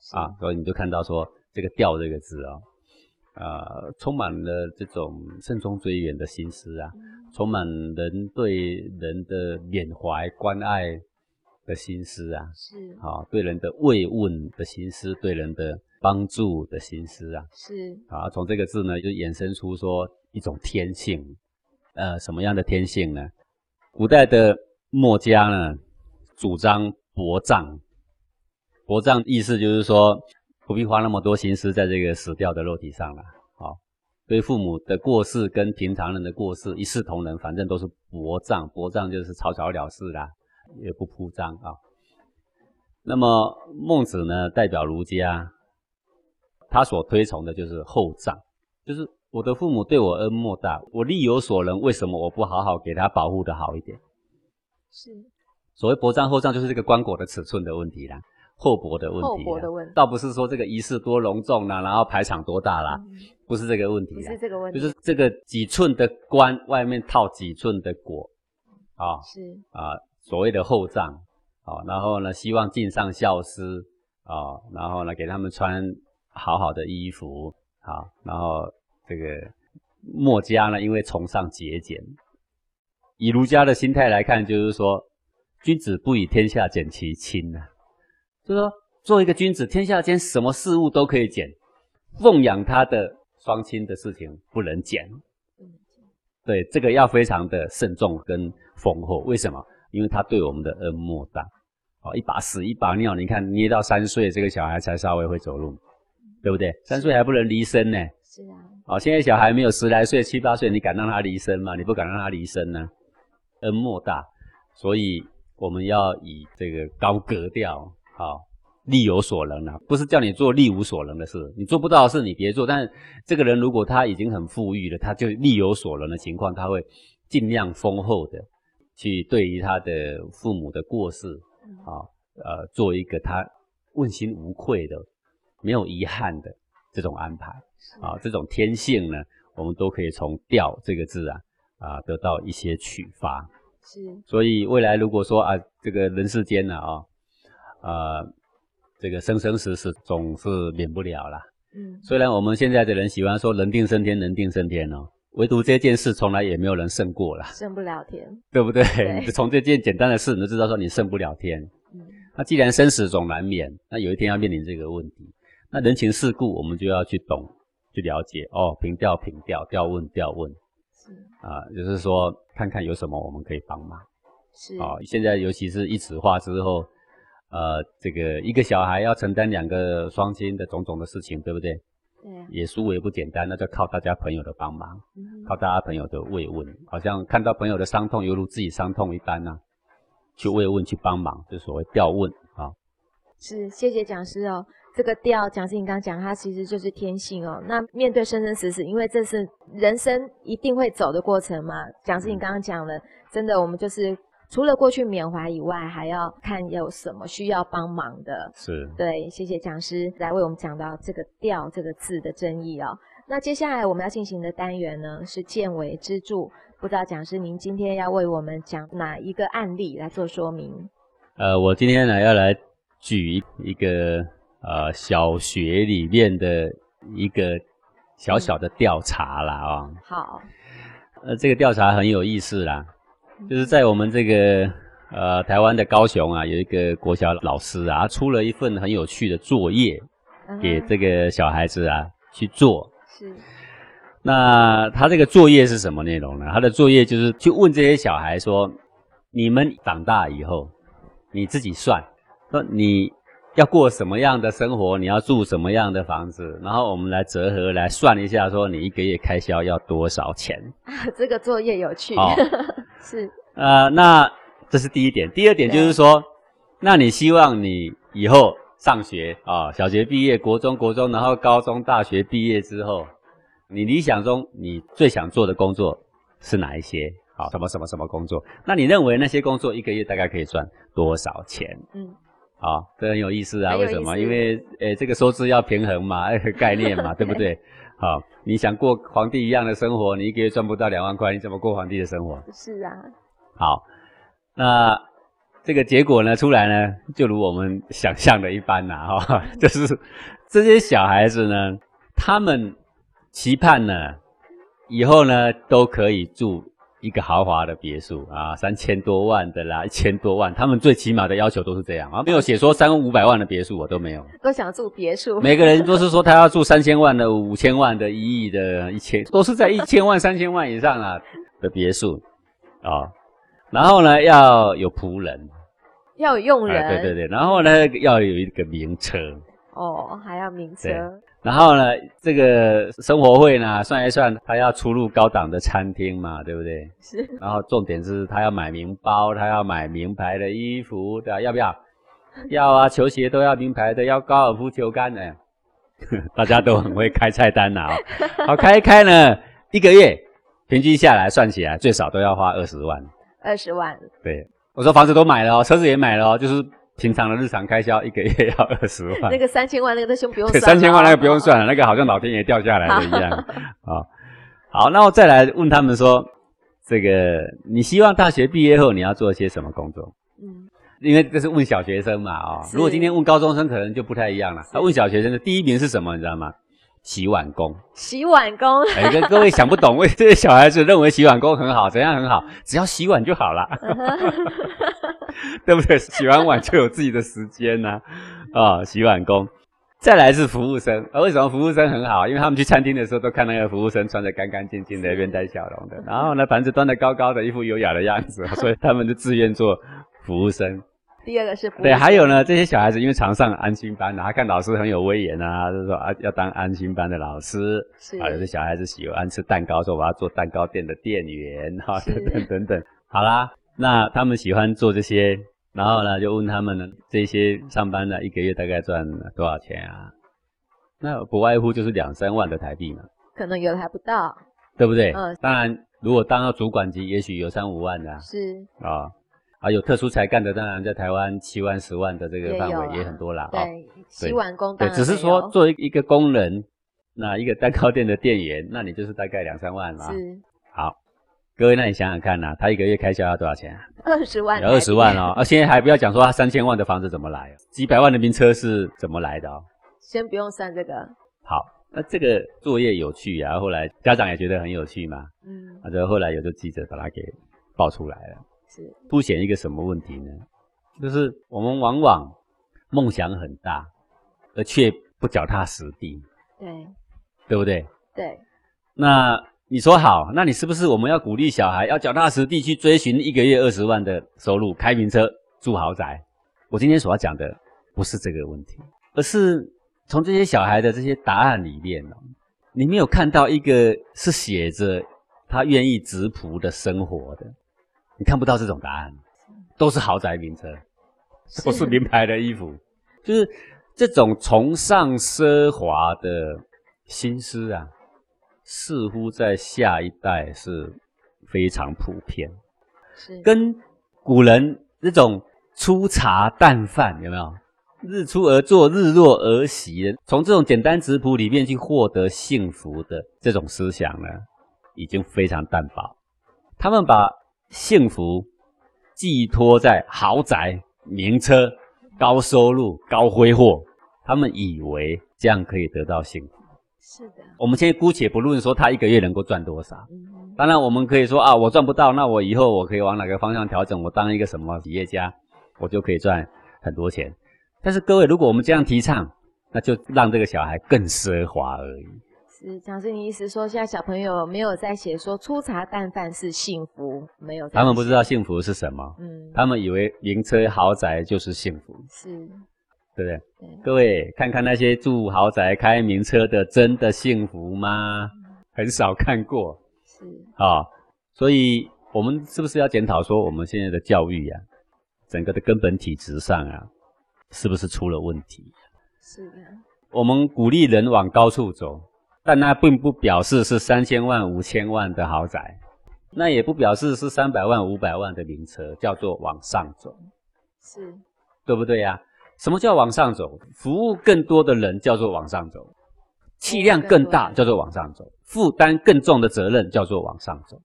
是啊，所以你就看到說這個“弔”這個字哦，啊、呃，充滿了這種慎終追遠的心思啊，嗯、充滿人對人的緬懷、關愛的心思啊，是啊，對人的慰問的心思，對人的幫助的心思啊，是啊，從這個字呢，就衍生出說一種天性。呃，什麼樣的天性呢？古代的墨家呢，主張薄葬。薄葬意思就是說，不必花那麼多心思在這個死掉的肉體上了。好、哦，對父母的過世跟平常人的過世一視同仁，反正都是薄葬。薄葬就是草草了事啦，也不鋪張啊、哦。那麼孟子呢，代表儒家，他所推崇的就是厚葬，就是。我的父母對我恩莫大，我力有所能，為什麼我不好好給他保護的好一點？是所謂薄葬厚葬，就是這個棺槨的尺寸的問題啦，厚薄的問題。厚薄的問題倒不是說這個儀式多隆重啦，然後排場多大啦，嗯、不是這個問題啦，是這個問題，就是這個幾寸的棺外面套幾寸的槨啊，哦、是啊，所謂的厚葬啊、哦，然後呢，希望盡上孝思啊、哦，然後呢，給他們穿好好的衣服啊、哦，然後。這個墨家呢，因為崇尚節儉，以儒家的心態來看，就是說，君子不以天下儉其親啊，就是說，作為一個君子，天下間什麼事物都可以儉，奉養他的雙親的事情不能儉。對，這個要非常的慎重跟豐厚。為什麼？因為他對我們的恩莫大。哦，一把屎一把尿，你看，捏到三歲這個小孩才稍微會走路，對不對？三歲還不能離身呢。是啊。哦，現在小孩沒有十來歲、七八歲，你敢讓他離身嗎？你不敢讓他離身呢，啊，恩莫大，所以我們要以這個高格調，好，哦，力有所能啊，不是叫你做力無所能的事，你做不到的事你別做。但是這個人如果他已經很富裕了，他就力有所能的情況，他會盡量豐厚的去對於他的父母的過世，啊、哦、呃，做一個他問心無愧的、沒有遺憾的。這種安排啊、哦，這種天性呢，我們都可以從“調”這個字啊啊得到一些啟發。是，所以未來如果說啊，這個人世間啊啊，這個生生死死總是免不了啦。嗯。雖然我們現在的人喜歡說“人定勝天”，人定勝天哦，唯獨這件事從來也沒有人勝過啦。勝不了天，對不對？對。從這件簡單的事，你都知道說你勝不了天。嗯。那既然生死總難免，那有一天要面臨這個問題。那人情世故，我們就要去懂，去了解哦。憑弔憑弔，弔問弔問，是啊、呃，就是說看看有什麼我們可以幫忙。是啊、哦，現在尤其是一子化之後，呃，這個一個小孩要承擔兩個雙親的種種的事情，對不對？對、啊。也殊為不簡單，那就靠大家朋友的幫忙，嗯、哼靠大家朋友的慰問。好像看到朋友的傷痛，猶如自己傷痛一般呢、啊，去慰問是去幫忙，就所謂弔問啊。哦、是，謝謝講師哦。這個調講師您剛剛講，它其實就是天性哦、喔。那面對生生死死，因為這是人生一定會走的過程嘛。講師您剛剛講了，嗯、真的，我們就是除了過去緬懷以外，還要看有什麼需要幫忙的。是。對，謝謝講師來為我們講到這個調這個字的爭議哦、喔。那接下來我們要進行的單元呢，是見微知著。不知道講師您今天要為我們講哪一個案例來做說明？呃，我今天呢要來舉一個。呃，小學裡面的一個小小的調查了啊、哦嗯。好。呃，這個調查很有意思啦，就是在我們這個呃台灣的高雄啊，有一個國小老師啊，出了一份很有趣的作業給這個小孩子啊嗯嗯去做。是。那他這個作業是什麼內容呢？他的作業就是去問這些小孩說：“你們長大以後，你自己算，那你。”要過什麼樣的生活？你要住什麼樣的房子？然後我們來折合來算一下，說你一個月開銷要多少錢啊？這個作業有趣，好是。呃，那這是第一點。第二點就是說，對那你希望你以後上學啊、哦，小學畢業、國中、國中，然後高中、大學畢業之後，你理想中你最想做的工作是哪一些？好什麼什麼什麼工作？那你認為那些工作一個月大概可以賺多少錢？嗯。好、哦，這很有意思啊！為什麼？因為誒，這個收支要平衡嘛，概念嘛， 對，對不對？好、哦，你想過皇帝一樣的生活，你一個月賺不到兩萬塊，你怎麼過皇帝的生活？是啊。好，那這個結果呢，出來呢，就如我們想象的一般吶，哈、哦，就是這些小孩子呢，他們期盼呢，以後呢，都可以住。一個豪華的別墅啊，三千多萬的啦，一千多萬，他們最起碼的要求都是這樣啊，沒有寫說三五百萬的別墅我都沒有。都想住別墅，每個人都是說他要住三千萬的、 五千萬的、一億的、一千，都是在一千萬、 三千萬以上啊的別墅，啊、哦，然後呢，要有僕人，要有傭人，有用人、啊，對對對，然後呢要有一個名車，哦，還要名車。然後呢，這個生活費呢，算一算，他要出入高檔的餐廳嘛，對不對？是。然後重點是他要買名包，他要買名牌的衣服，對吧、啊？要不要？要啊，球鞋都要名牌的，要高爾夫球桿的。 大家都很會開菜單吶啊、哦！好，開一開呢，一個月平均下來算起來，最少都要花二十萬。二十萬。對，我說房子都買了哦，車子也買了哦，就是。平常的日常開銷一個月要二十萬，那個三千萬，那個都用不用三千萬，那個不用算了，那個好像老天爺掉下來的一樣。啊，好，好，那我再來問他們說，這個你希望大學畢業後你要做些什麼工作？嗯，因為這是問小學生嘛，啊，如果今天問高中生可能就不太一樣了。他問小學生的第一名是什麼，你知道嗎？洗碗工。洗碗工。哎，各位想不懂，為這些小孩子認為洗碗工很好，怎樣很好？只要洗碗就好了。 嗯 對不對？洗完碗就有自己的時間吶、啊，啊、哦，洗碗工。再來是服務生，為什麼服務生很好？因為他們去餐廳的時候都看那個服務生穿得乾乾淨淨的，一邊帶笑容的，然後呢盤子端得高高的，一副優雅的樣子，所以他們就自願做服務生。第二個是服務生對，還有呢，這些小孩子因為常上安心班然後看老師很有威嚴啊，就說啊要當安心班的老師。是，有些小孩子喜歡吃蛋糕，說我要做蛋糕店的店員哈等等等等。好啦。那他們喜歡做這些，然後呢，就問他們呢，這些上班的、啊、一個月大概賺多少錢啊？那不外乎就是兩三萬的台幣嘛。可能有的還不到，對不對？當然，如果當到主管級也許，也許有三五萬的、啊。是。哦、啊，啊，有特殊才幹的，當然在台灣七萬、十萬的這個範圍也很多啦、哦。啊、對，洗碗工。對，只是說做一個工人，那一個蛋糕店的店員，那你就是大概兩三萬啦、啊。是。好。各位，那你想想看吶、啊，他一個月開銷要多少錢、啊？二十萬。有二十萬喔，現在還不要講說他三千萬的房子怎麼來、啊，幾百萬的名車是怎麼來的哦、啊？先不用算這個。好，那這個作業有趣，然後，後來家長也覺得很有趣嘛。嗯。啊，就後來有個記者把他給爆出來了。是凸顯一個什麼問題呢？就是我們往往夢想很大，而卻不腳踏實地。對。對不對？對。那。你說好，那你是不是我們要鼓勵小孩要腳踏實地去追尋一個月二十萬的收入，開名車，住豪宅？我今天所要講的不是這個問題，而是從這些小孩的這些答案裡面、哦、你沒有看到一個是寫着他願意質樸的生活的，你看不到這種答案，都是豪宅名車，是的都是名牌的衣服，就是這種崇尚奢華的心思啊。似乎在下一代是非常普遍是，是跟古人那種粗茶淡飯有沒有？日出而作，日落而息，從這種簡單質樸裡面去獲得幸福的這種思想呢，已經非常淡薄。他們把幸福寄託在豪宅、名車、高收入、高揮霍，他們以為這樣可以得到幸福。是的，我們現在姑且不論說他一個月能夠賺多少，當然我們可以說啊，我賺不到，那我以後我可以往哪個方向調整？我當一個什麼企業家，我就可以賺很多錢。但是各位，如果我們這樣提倡，那就讓這個小孩更奢華而已。是，禪師，你意思說現在小朋友沒有在寫說粗茶淡飯是幸福，沒有？他們不知道幸福是什麼，嗯，他們以為名車豪宅就是幸福。是。對不對？對啊、各位看看那些住豪宅、開名車的，真的幸福嗎？很少看過。是啊、哦，所以我們是不是要檢討說，我們現在的教育啊，整個的根本體質上啊，是不是出了問題？是的、啊。我們鼓勵人往高處走，但那並不表示是三千萬、五千萬的豪宅，那也不表示是三百萬、五百萬的名車，叫做往上走。是。對不對呀、啊？什麼叫往上走？服務更多的人叫做往上走，氣量更大叫做往上走，哦、負擔更重的責任叫做往上走，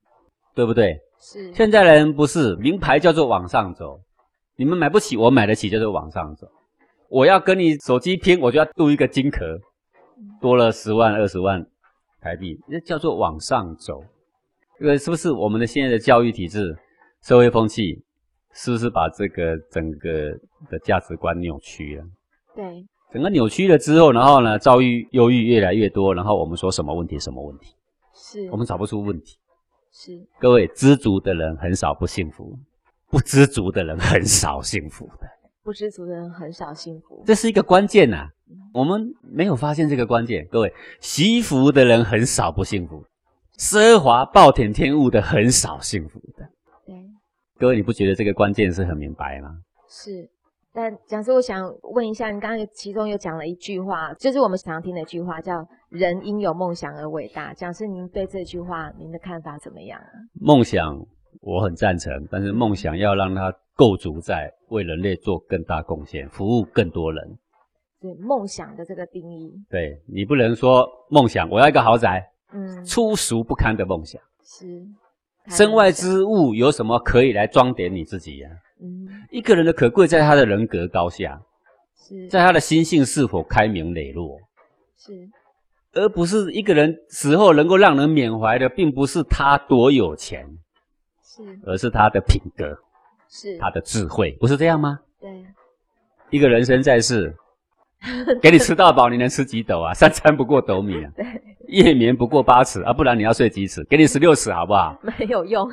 對不對？是。現在人不是名牌叫做往上走，你們買不起我買得起叫做、就是、往上走，我要跟你手機拼，我就要鍍一個金殼，多了十萬二十萬台幣，那叫做往上走。這個是不是我們的現在的教育體制、社會風氣？是不是把這個整個的價值觀扭曲了？對，整個扭曲了之後，然後呢，遭遇憂鬱越來越多，然後我們說什麼問題什麼問題？是。我們找不出問題。是，各位，知足的人很少不幸福，不知足的人很少幸福的。不知足的人很少幸福，這是一個關鍵吶。我們沒有發現這個關鍵。各位，惜福的人很少不幸福，奢華暴殄天物的很少幸福的。哥，你不覺得這個關鍵是很明白嗎？是，但講師，我想問一下，你剛剛其中有講了一句話，就是我們常聽的一句話，叫“人因有夢想而偉大”。講師，您對這句話，您的看法怎麼樣啊？夢想我很贊成，但是夢想要讓它構築在為人類做更大貢獻、服務更多人。對夢想的這個定義，對，你不能說夢想，我要一個豪宅，嗯，粗俗不堪的夢想是。身外之物有什麼可以來裝點你自己呀，啊？嗯，一個人的可貴在他的人格高下，是在他的心性是否開明磊落，是，而不是一個人死後能夠讓人緬懷的，並不是他多有錢，是，而是他的品格，是他的智慧，不是這樣嗎？對，一個人生在世。 給你吃到飽，你能吃幾斗啊？三餐不過斗米啊，夜眠不過八尺啊，不然你要睡幾尺？給你十六尺好不好？沒有用，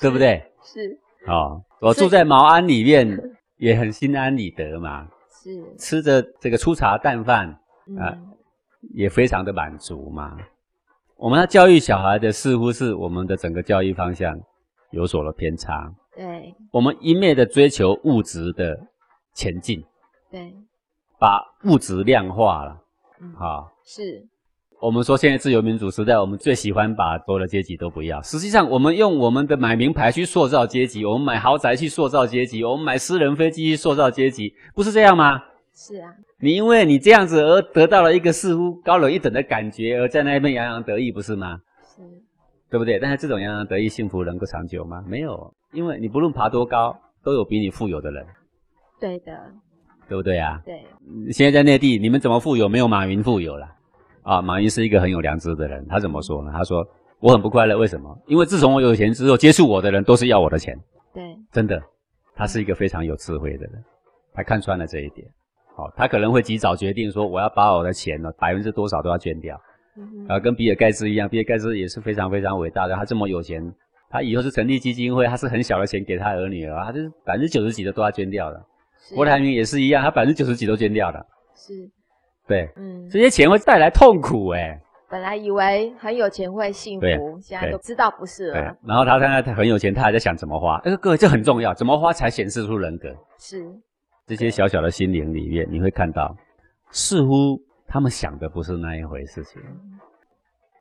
對不對？是哦，我住在茅庵裡面，也很心安理得嘛。是吃着這個粗茶淡飯啊，也非常的滿足嘛。我們要教育小孩的，似乎是我們的整個教育方向有所了偏差。對，我們一味的追求物質的前進。對。把物質量化了，嗯、好，是我們說現在自由民主時代，我們最喜歡把多的階級都不要。實際上，我們用我們的買名牌去塑造階級，我們買豪宅去塑造階級，我們買私人飛機去塑造階級，不是這樣嗎？是啊，你因為你這樣子而得到了一個似乎高人一等的感覺，而在那邊洋洋得意，不是嗎？是，對不對？但是這種洋洋得意、幸福能夠長久嗎？沒有，因為你不論爬多高，都有比你富有的人。對的。對不對啊？對。現在在內地，你們怎麼富有？沒有馬雲富有了。啊，馬雲是一個很有良知的人。他怎麼說呢？他說：“我很不快樂，為什麼？因為自從我有錢之後，接觸我的人都是要我的錢。”對。真的，他是一個非常有智慧的人，嗯、他看穿了這一點。好、哦，他可能會及早決定說：“我要把我的錢呢、啊，百分之多少都要捐掉。嗯哼”啊，跟比爾蓋茨一樣，比爾蓋茨也是非常非常偉大的。他這麼有錢，他以後是成立基金會，他是很小的錢給他兒女了，他就是百分之九十幾的都要捐掉的。郭是台銘也是一樣，他百分之九十幾都捐掉了。是，對，嗯，這些錢會帶來痛苦，欸，誒本來以為很有錢會幸福，啊，現在都知道不是了。然後他現在很有錢，他還在想怎麼花。哎，欸，各位，這很重要，怎麼花才顯示出人格？是，這些小小的心靈裡面，你會看到，似乎他們想的不是那一回事情，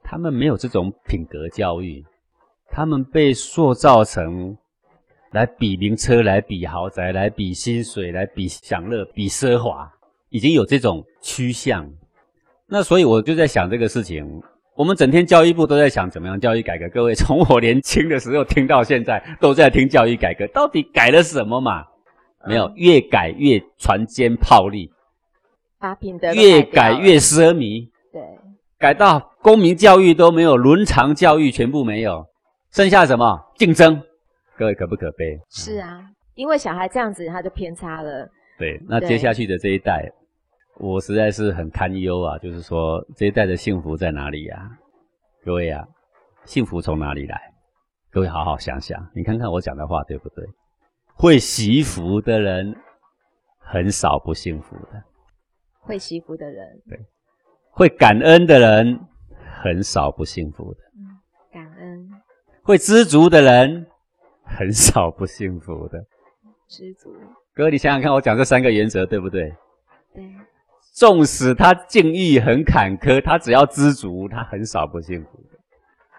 他們沒有這種品格教育，他們被塑造成。來比名車，來比豪宅，來比薪水，來比享樂，比奢華，已經有這種趨向。那所以我就在想這個事情。我們整天教育部都在想怎麼樣教育改革。各位從我年輕的時候聽到現在都在聽教育改革，到底改了什麼嘛？嗯、沒有，越改越船堅炮利，把品德越改越奢靡，對，改到公民教育都沒有，倫常教育全部沒有，剩下什麼競爭？各位可不可悲？是啊，因為小孩這樣子，他就偏差了、嗯。對，那接下去的這一代，對我實在是很堪憂啊！就是說，這一代的幸福在哪裡呀、啊？各位啊，幸福從哪裡來？各位好好想想，你看看我講的話對不對？會惜福的人很少不幸福的，會惜福的人對，會感恩的人很少不幸福的，嗯、感恩，會知足的人。很少不幸福的，知足。哥，你想想看，我講這三個原則對不對？對。縱使他境遇很坎坷，他只要知足，他很少不幸福、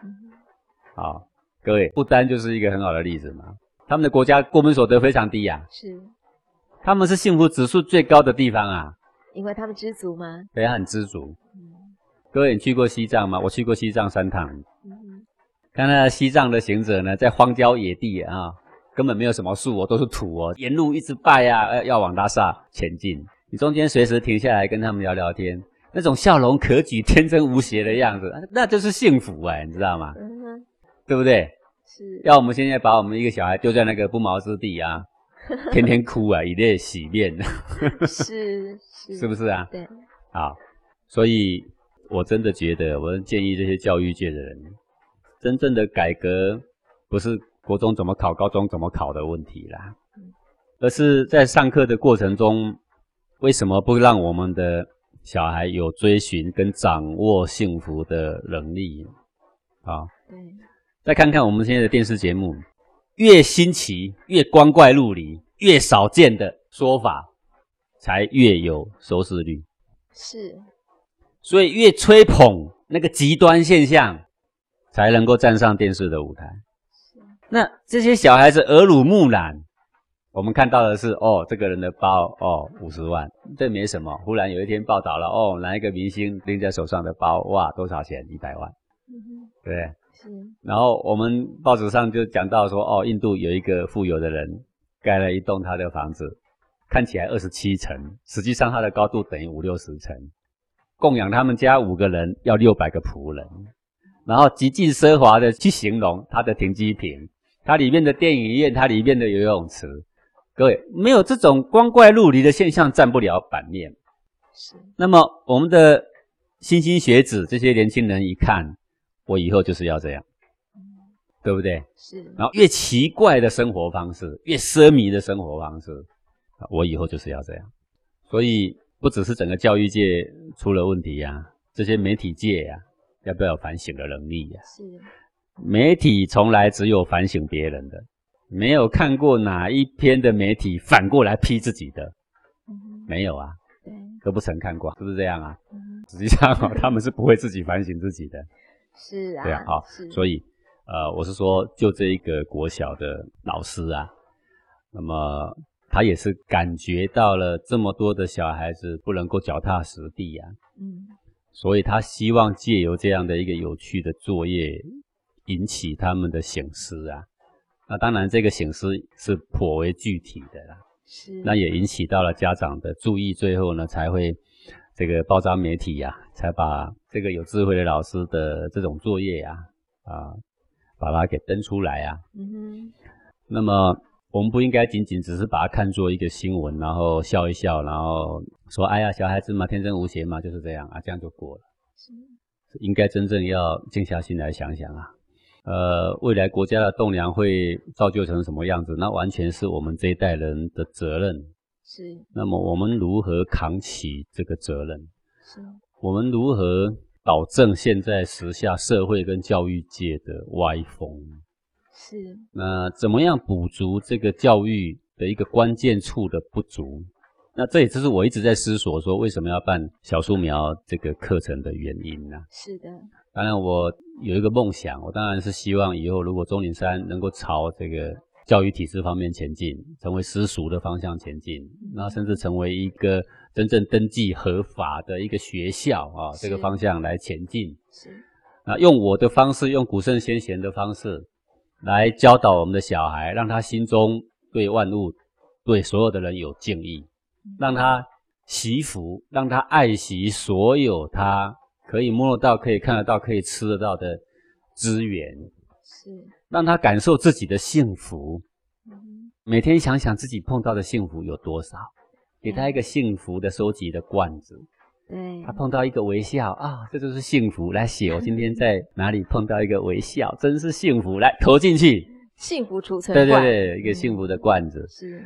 嗯、哼好，各位，不丹就是一個很好的例子嘛。他們的國家國民所得非常低啊。是。他們是幸福指數最高的地方啊。因為他們知足嗎？對，他很知足。嗯。各位，你去過西藏嗎？我去過西藏三趟。嗯。看那西藏的行者呢，在荒郊野地啊、哦，根本沒有什麼樹哦，都是土哦。沿路一直拜啊，要往拉薩前進。你中間隨時停下來跟他們聊聊天，那種笑容可掬、天真無邪的樣子，那就是幸福啊、哎，你知道嗎？嗯哼 對不對？是。要我們現在把我們一個小孩丟在那個不毛之地啊，天天哭啊，以淚洗面， 是是，是不是啊？對。啊，所以我真的覺得，我建議這些教育界的人。真正的改革不是國中怎麼考、高中怎麼考的問題啦，而是在上課的過程中，為什麼不讓我們的小孩有追尋跟掌握幸福的能力？啊，嗯，再看看我們現在的電視節目，越新奇、越光怪陸離、越少見的說法，才越有收視率。是，所以越吹捧那個極端現象。才能夠站上電視的舞台。那這些小孩子耳濡目染，我們看到的是哦，這個人的包哦五十萬，這沒什麼。忽然有一天報道了，哦，來一個明星拎在手上的包，哇，多少錢？一百萬。對，對，是然後我們報紙上就講到說，哦，印度有一個富有的人，蓋了一棟他的房子，看起來二十七層，實際上他的高度等於五六十層，供養他們家五個人要六百個僕人。然後極盡奢華的去形容它的停機坪，它裡面的電影院，它裡面的游泳池，各位沒有這種光怪陸離的現象，占不了版面。是。那麼我們的莘莘學子，這些年輕人一看，我以後就是要這樣，嗯、對不對？是。然後越奇怪的生活方式，越奢靡的生活方式，我以後就是要這樣。所以不只是整個教育界出了問題呀、啊，這些媒體界呀、啊。要不要反省的能力呀？是，媒體從來只有反省別人的，沒有看過哪，一篇的媒體反過來批自己的，沒有啊？對，都不曾看過，是不是這樣啊？實際上，他們是不會自己反省自己的。是啊，對啊，好，所以，呃，我是說，就這一個國小的老師啊，那麼他也是感覺到了這麼多的小孩子不能夠腳踏實地呀。嗯。所以他希望借由這樣的一個有趣的作業，引起他們的省思啊。那當然，這個省思是頗為具體的啦。是。那也引起到了家長的注意，最後呢，才會這個報章媒體呀、啊，才把這個有智慧的老師的這種作業呀，啊，啊，把它給登出來啊。嗯哼。那麼，我們不應該僅僅只是把它看作一個新聞，然後笑一笑，然後。說：“哎呀，小孩子嘛，天真無邪嘛，就是這樣啊，這樣就過了。是，應該真正要靜下心來想想啊。呃，未來國家的棟樑會造就成什麼樣子？那完全是我們這一代人的責任。是。那麼，我們如何扛起這個責任？是。我們如何導正現在時下社會跟教育界的歪風？是。那怎麼樣補足這個教育的一個關鍵處的不足？”那這也就是我一直在思索說，為什麼要辦小樹苗這個課程的原因呢？是的，當然我有一個夢想，我當然是希望以後如果中嶺山能夠朝這個教育體制方面前進，成為私塾的方向前進，那甚至成為一個真正登記合法的一個學校啊，這個方向來前進。是，那用我的方式，用古聖先賢的方式，來教導我們的小孩，讓他心中對萬物、對所有的人有敬意。讓他惜福，讓他愛惜所有他可以摸到、可以看得到、可以吃得到的資源，是讓他感受自己的幸福。每天想想自己碰到的幸福有多少，給他一個幸福的收集的罐子。對，對他碰到一個微笑啊，這就是幸福，來寫我今天在哪裡碰到一個微笑，真是幸福，來投進去幸福儲存罐。對對對，一個幸福的罐子。是。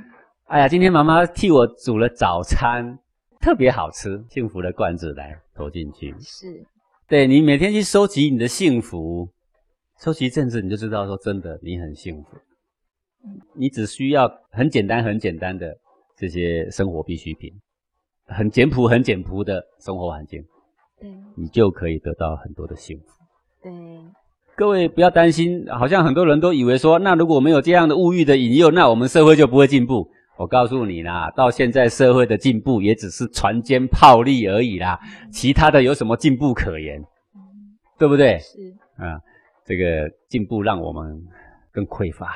哎呀，今天媽媽替我煮了早餐，特別好吃。幸福的罐子，來投進去，是。對，你每天去收集你的幸福，收集一陣子，你就知道說真的，你很幸福。嗯、你只需要很簡單、很簡單的這些生活必需品，很簡樸、很簡樸的生活環境，對，你就可以得到很多的幸福。對，各位不要擔心，好像很多人都以為說，那如果沒有這樣的物慾的引誘，那我們社會就不會進步。我告訴你啦，到現在社會的進步也只是船堅炮利而已啦，嗯、其他的有什麼進步可言？嗯、對不對？是啊、呃，這個進步讓我們更匱乏，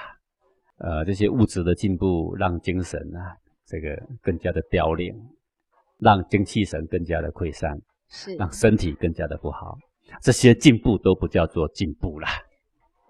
呃，這些物質的進步讓精神啊，這個更加的凋零，讓精氣神更加的潰散，是讓身體更加的不好，這些進步都不叫做進步啦，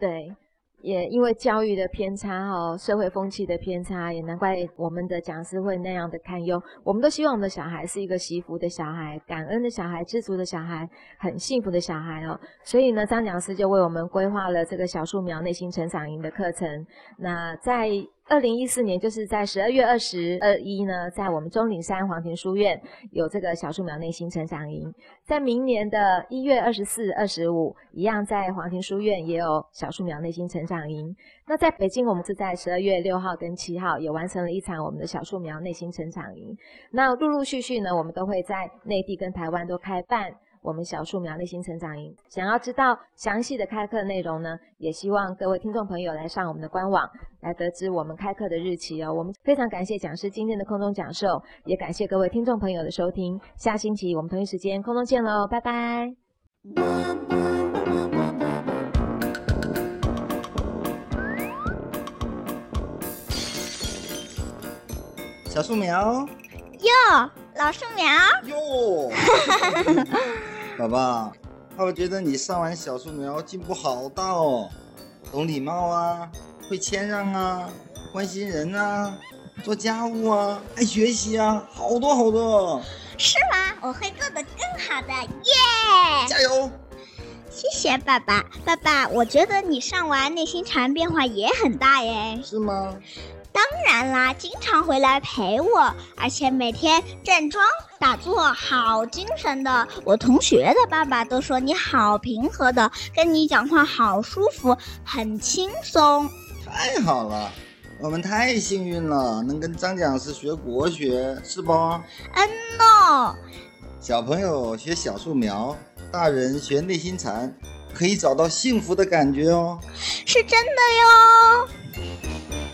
對。也因為教育的偏差哦，社會風氣的偏差，也難怪我們的講師會那樣的堪憂。我們都希望我們的小孩是一個惜福的小孩，感恩的小孩，知足的小孩，很幸福的小孩哦。所以呢，張講師就為我們規劃了這個小樹苗內心成長營的課程。那在。二零一四年就是在十二月二十、二十一呢，在我們中嶺山黃庭書院有這個小樹苗內心成長營，在明年的一月二十四、二十五，一樣在黃庭書院也有小樹苗內心成長營。那在北京，我們是在十二月六號跟七號也完成了一場我們的小樹苗內心成長營。那陸陸續續呢，我們都會在內地跟台灣都開辦。我們小樹苗內心成長營，想要知道詳細的開課內容呢，也希望各位聽眾朋友來上我們的官網來得知我們開課的日期哦、喔。我們非常感謝講師今天的空中講授，也感謝各位聽眾朋友的收聽。下星期我們同一時間空中見嘍，拜拜。小樹苗，喲，老樹苗，喲。寶寶，爸爸覺得你上完小樹苗進步好大哦，懂禮貌啊，會謙讓啊，關心人啊，做家務啊，愛學習啊，好多好多。是嗎？我會做的更好的，耶、yeah!！加油！謝謝爸爸，爸爸，我覺得你上完內心禪變化也很大耶。是嗎？當然啦，經常回來陪我，而且每天站樁打坐，好精神的。我同學的爸爸都說你好平和的，跟你講話好舒服，很輕鬆。太好了，我們太幸運了，能跟張講師學國學，是不？嗯呢。No、小朋友學小樹苗，大人學內心禪，可以找到幸福的感覺哦。是真的喲。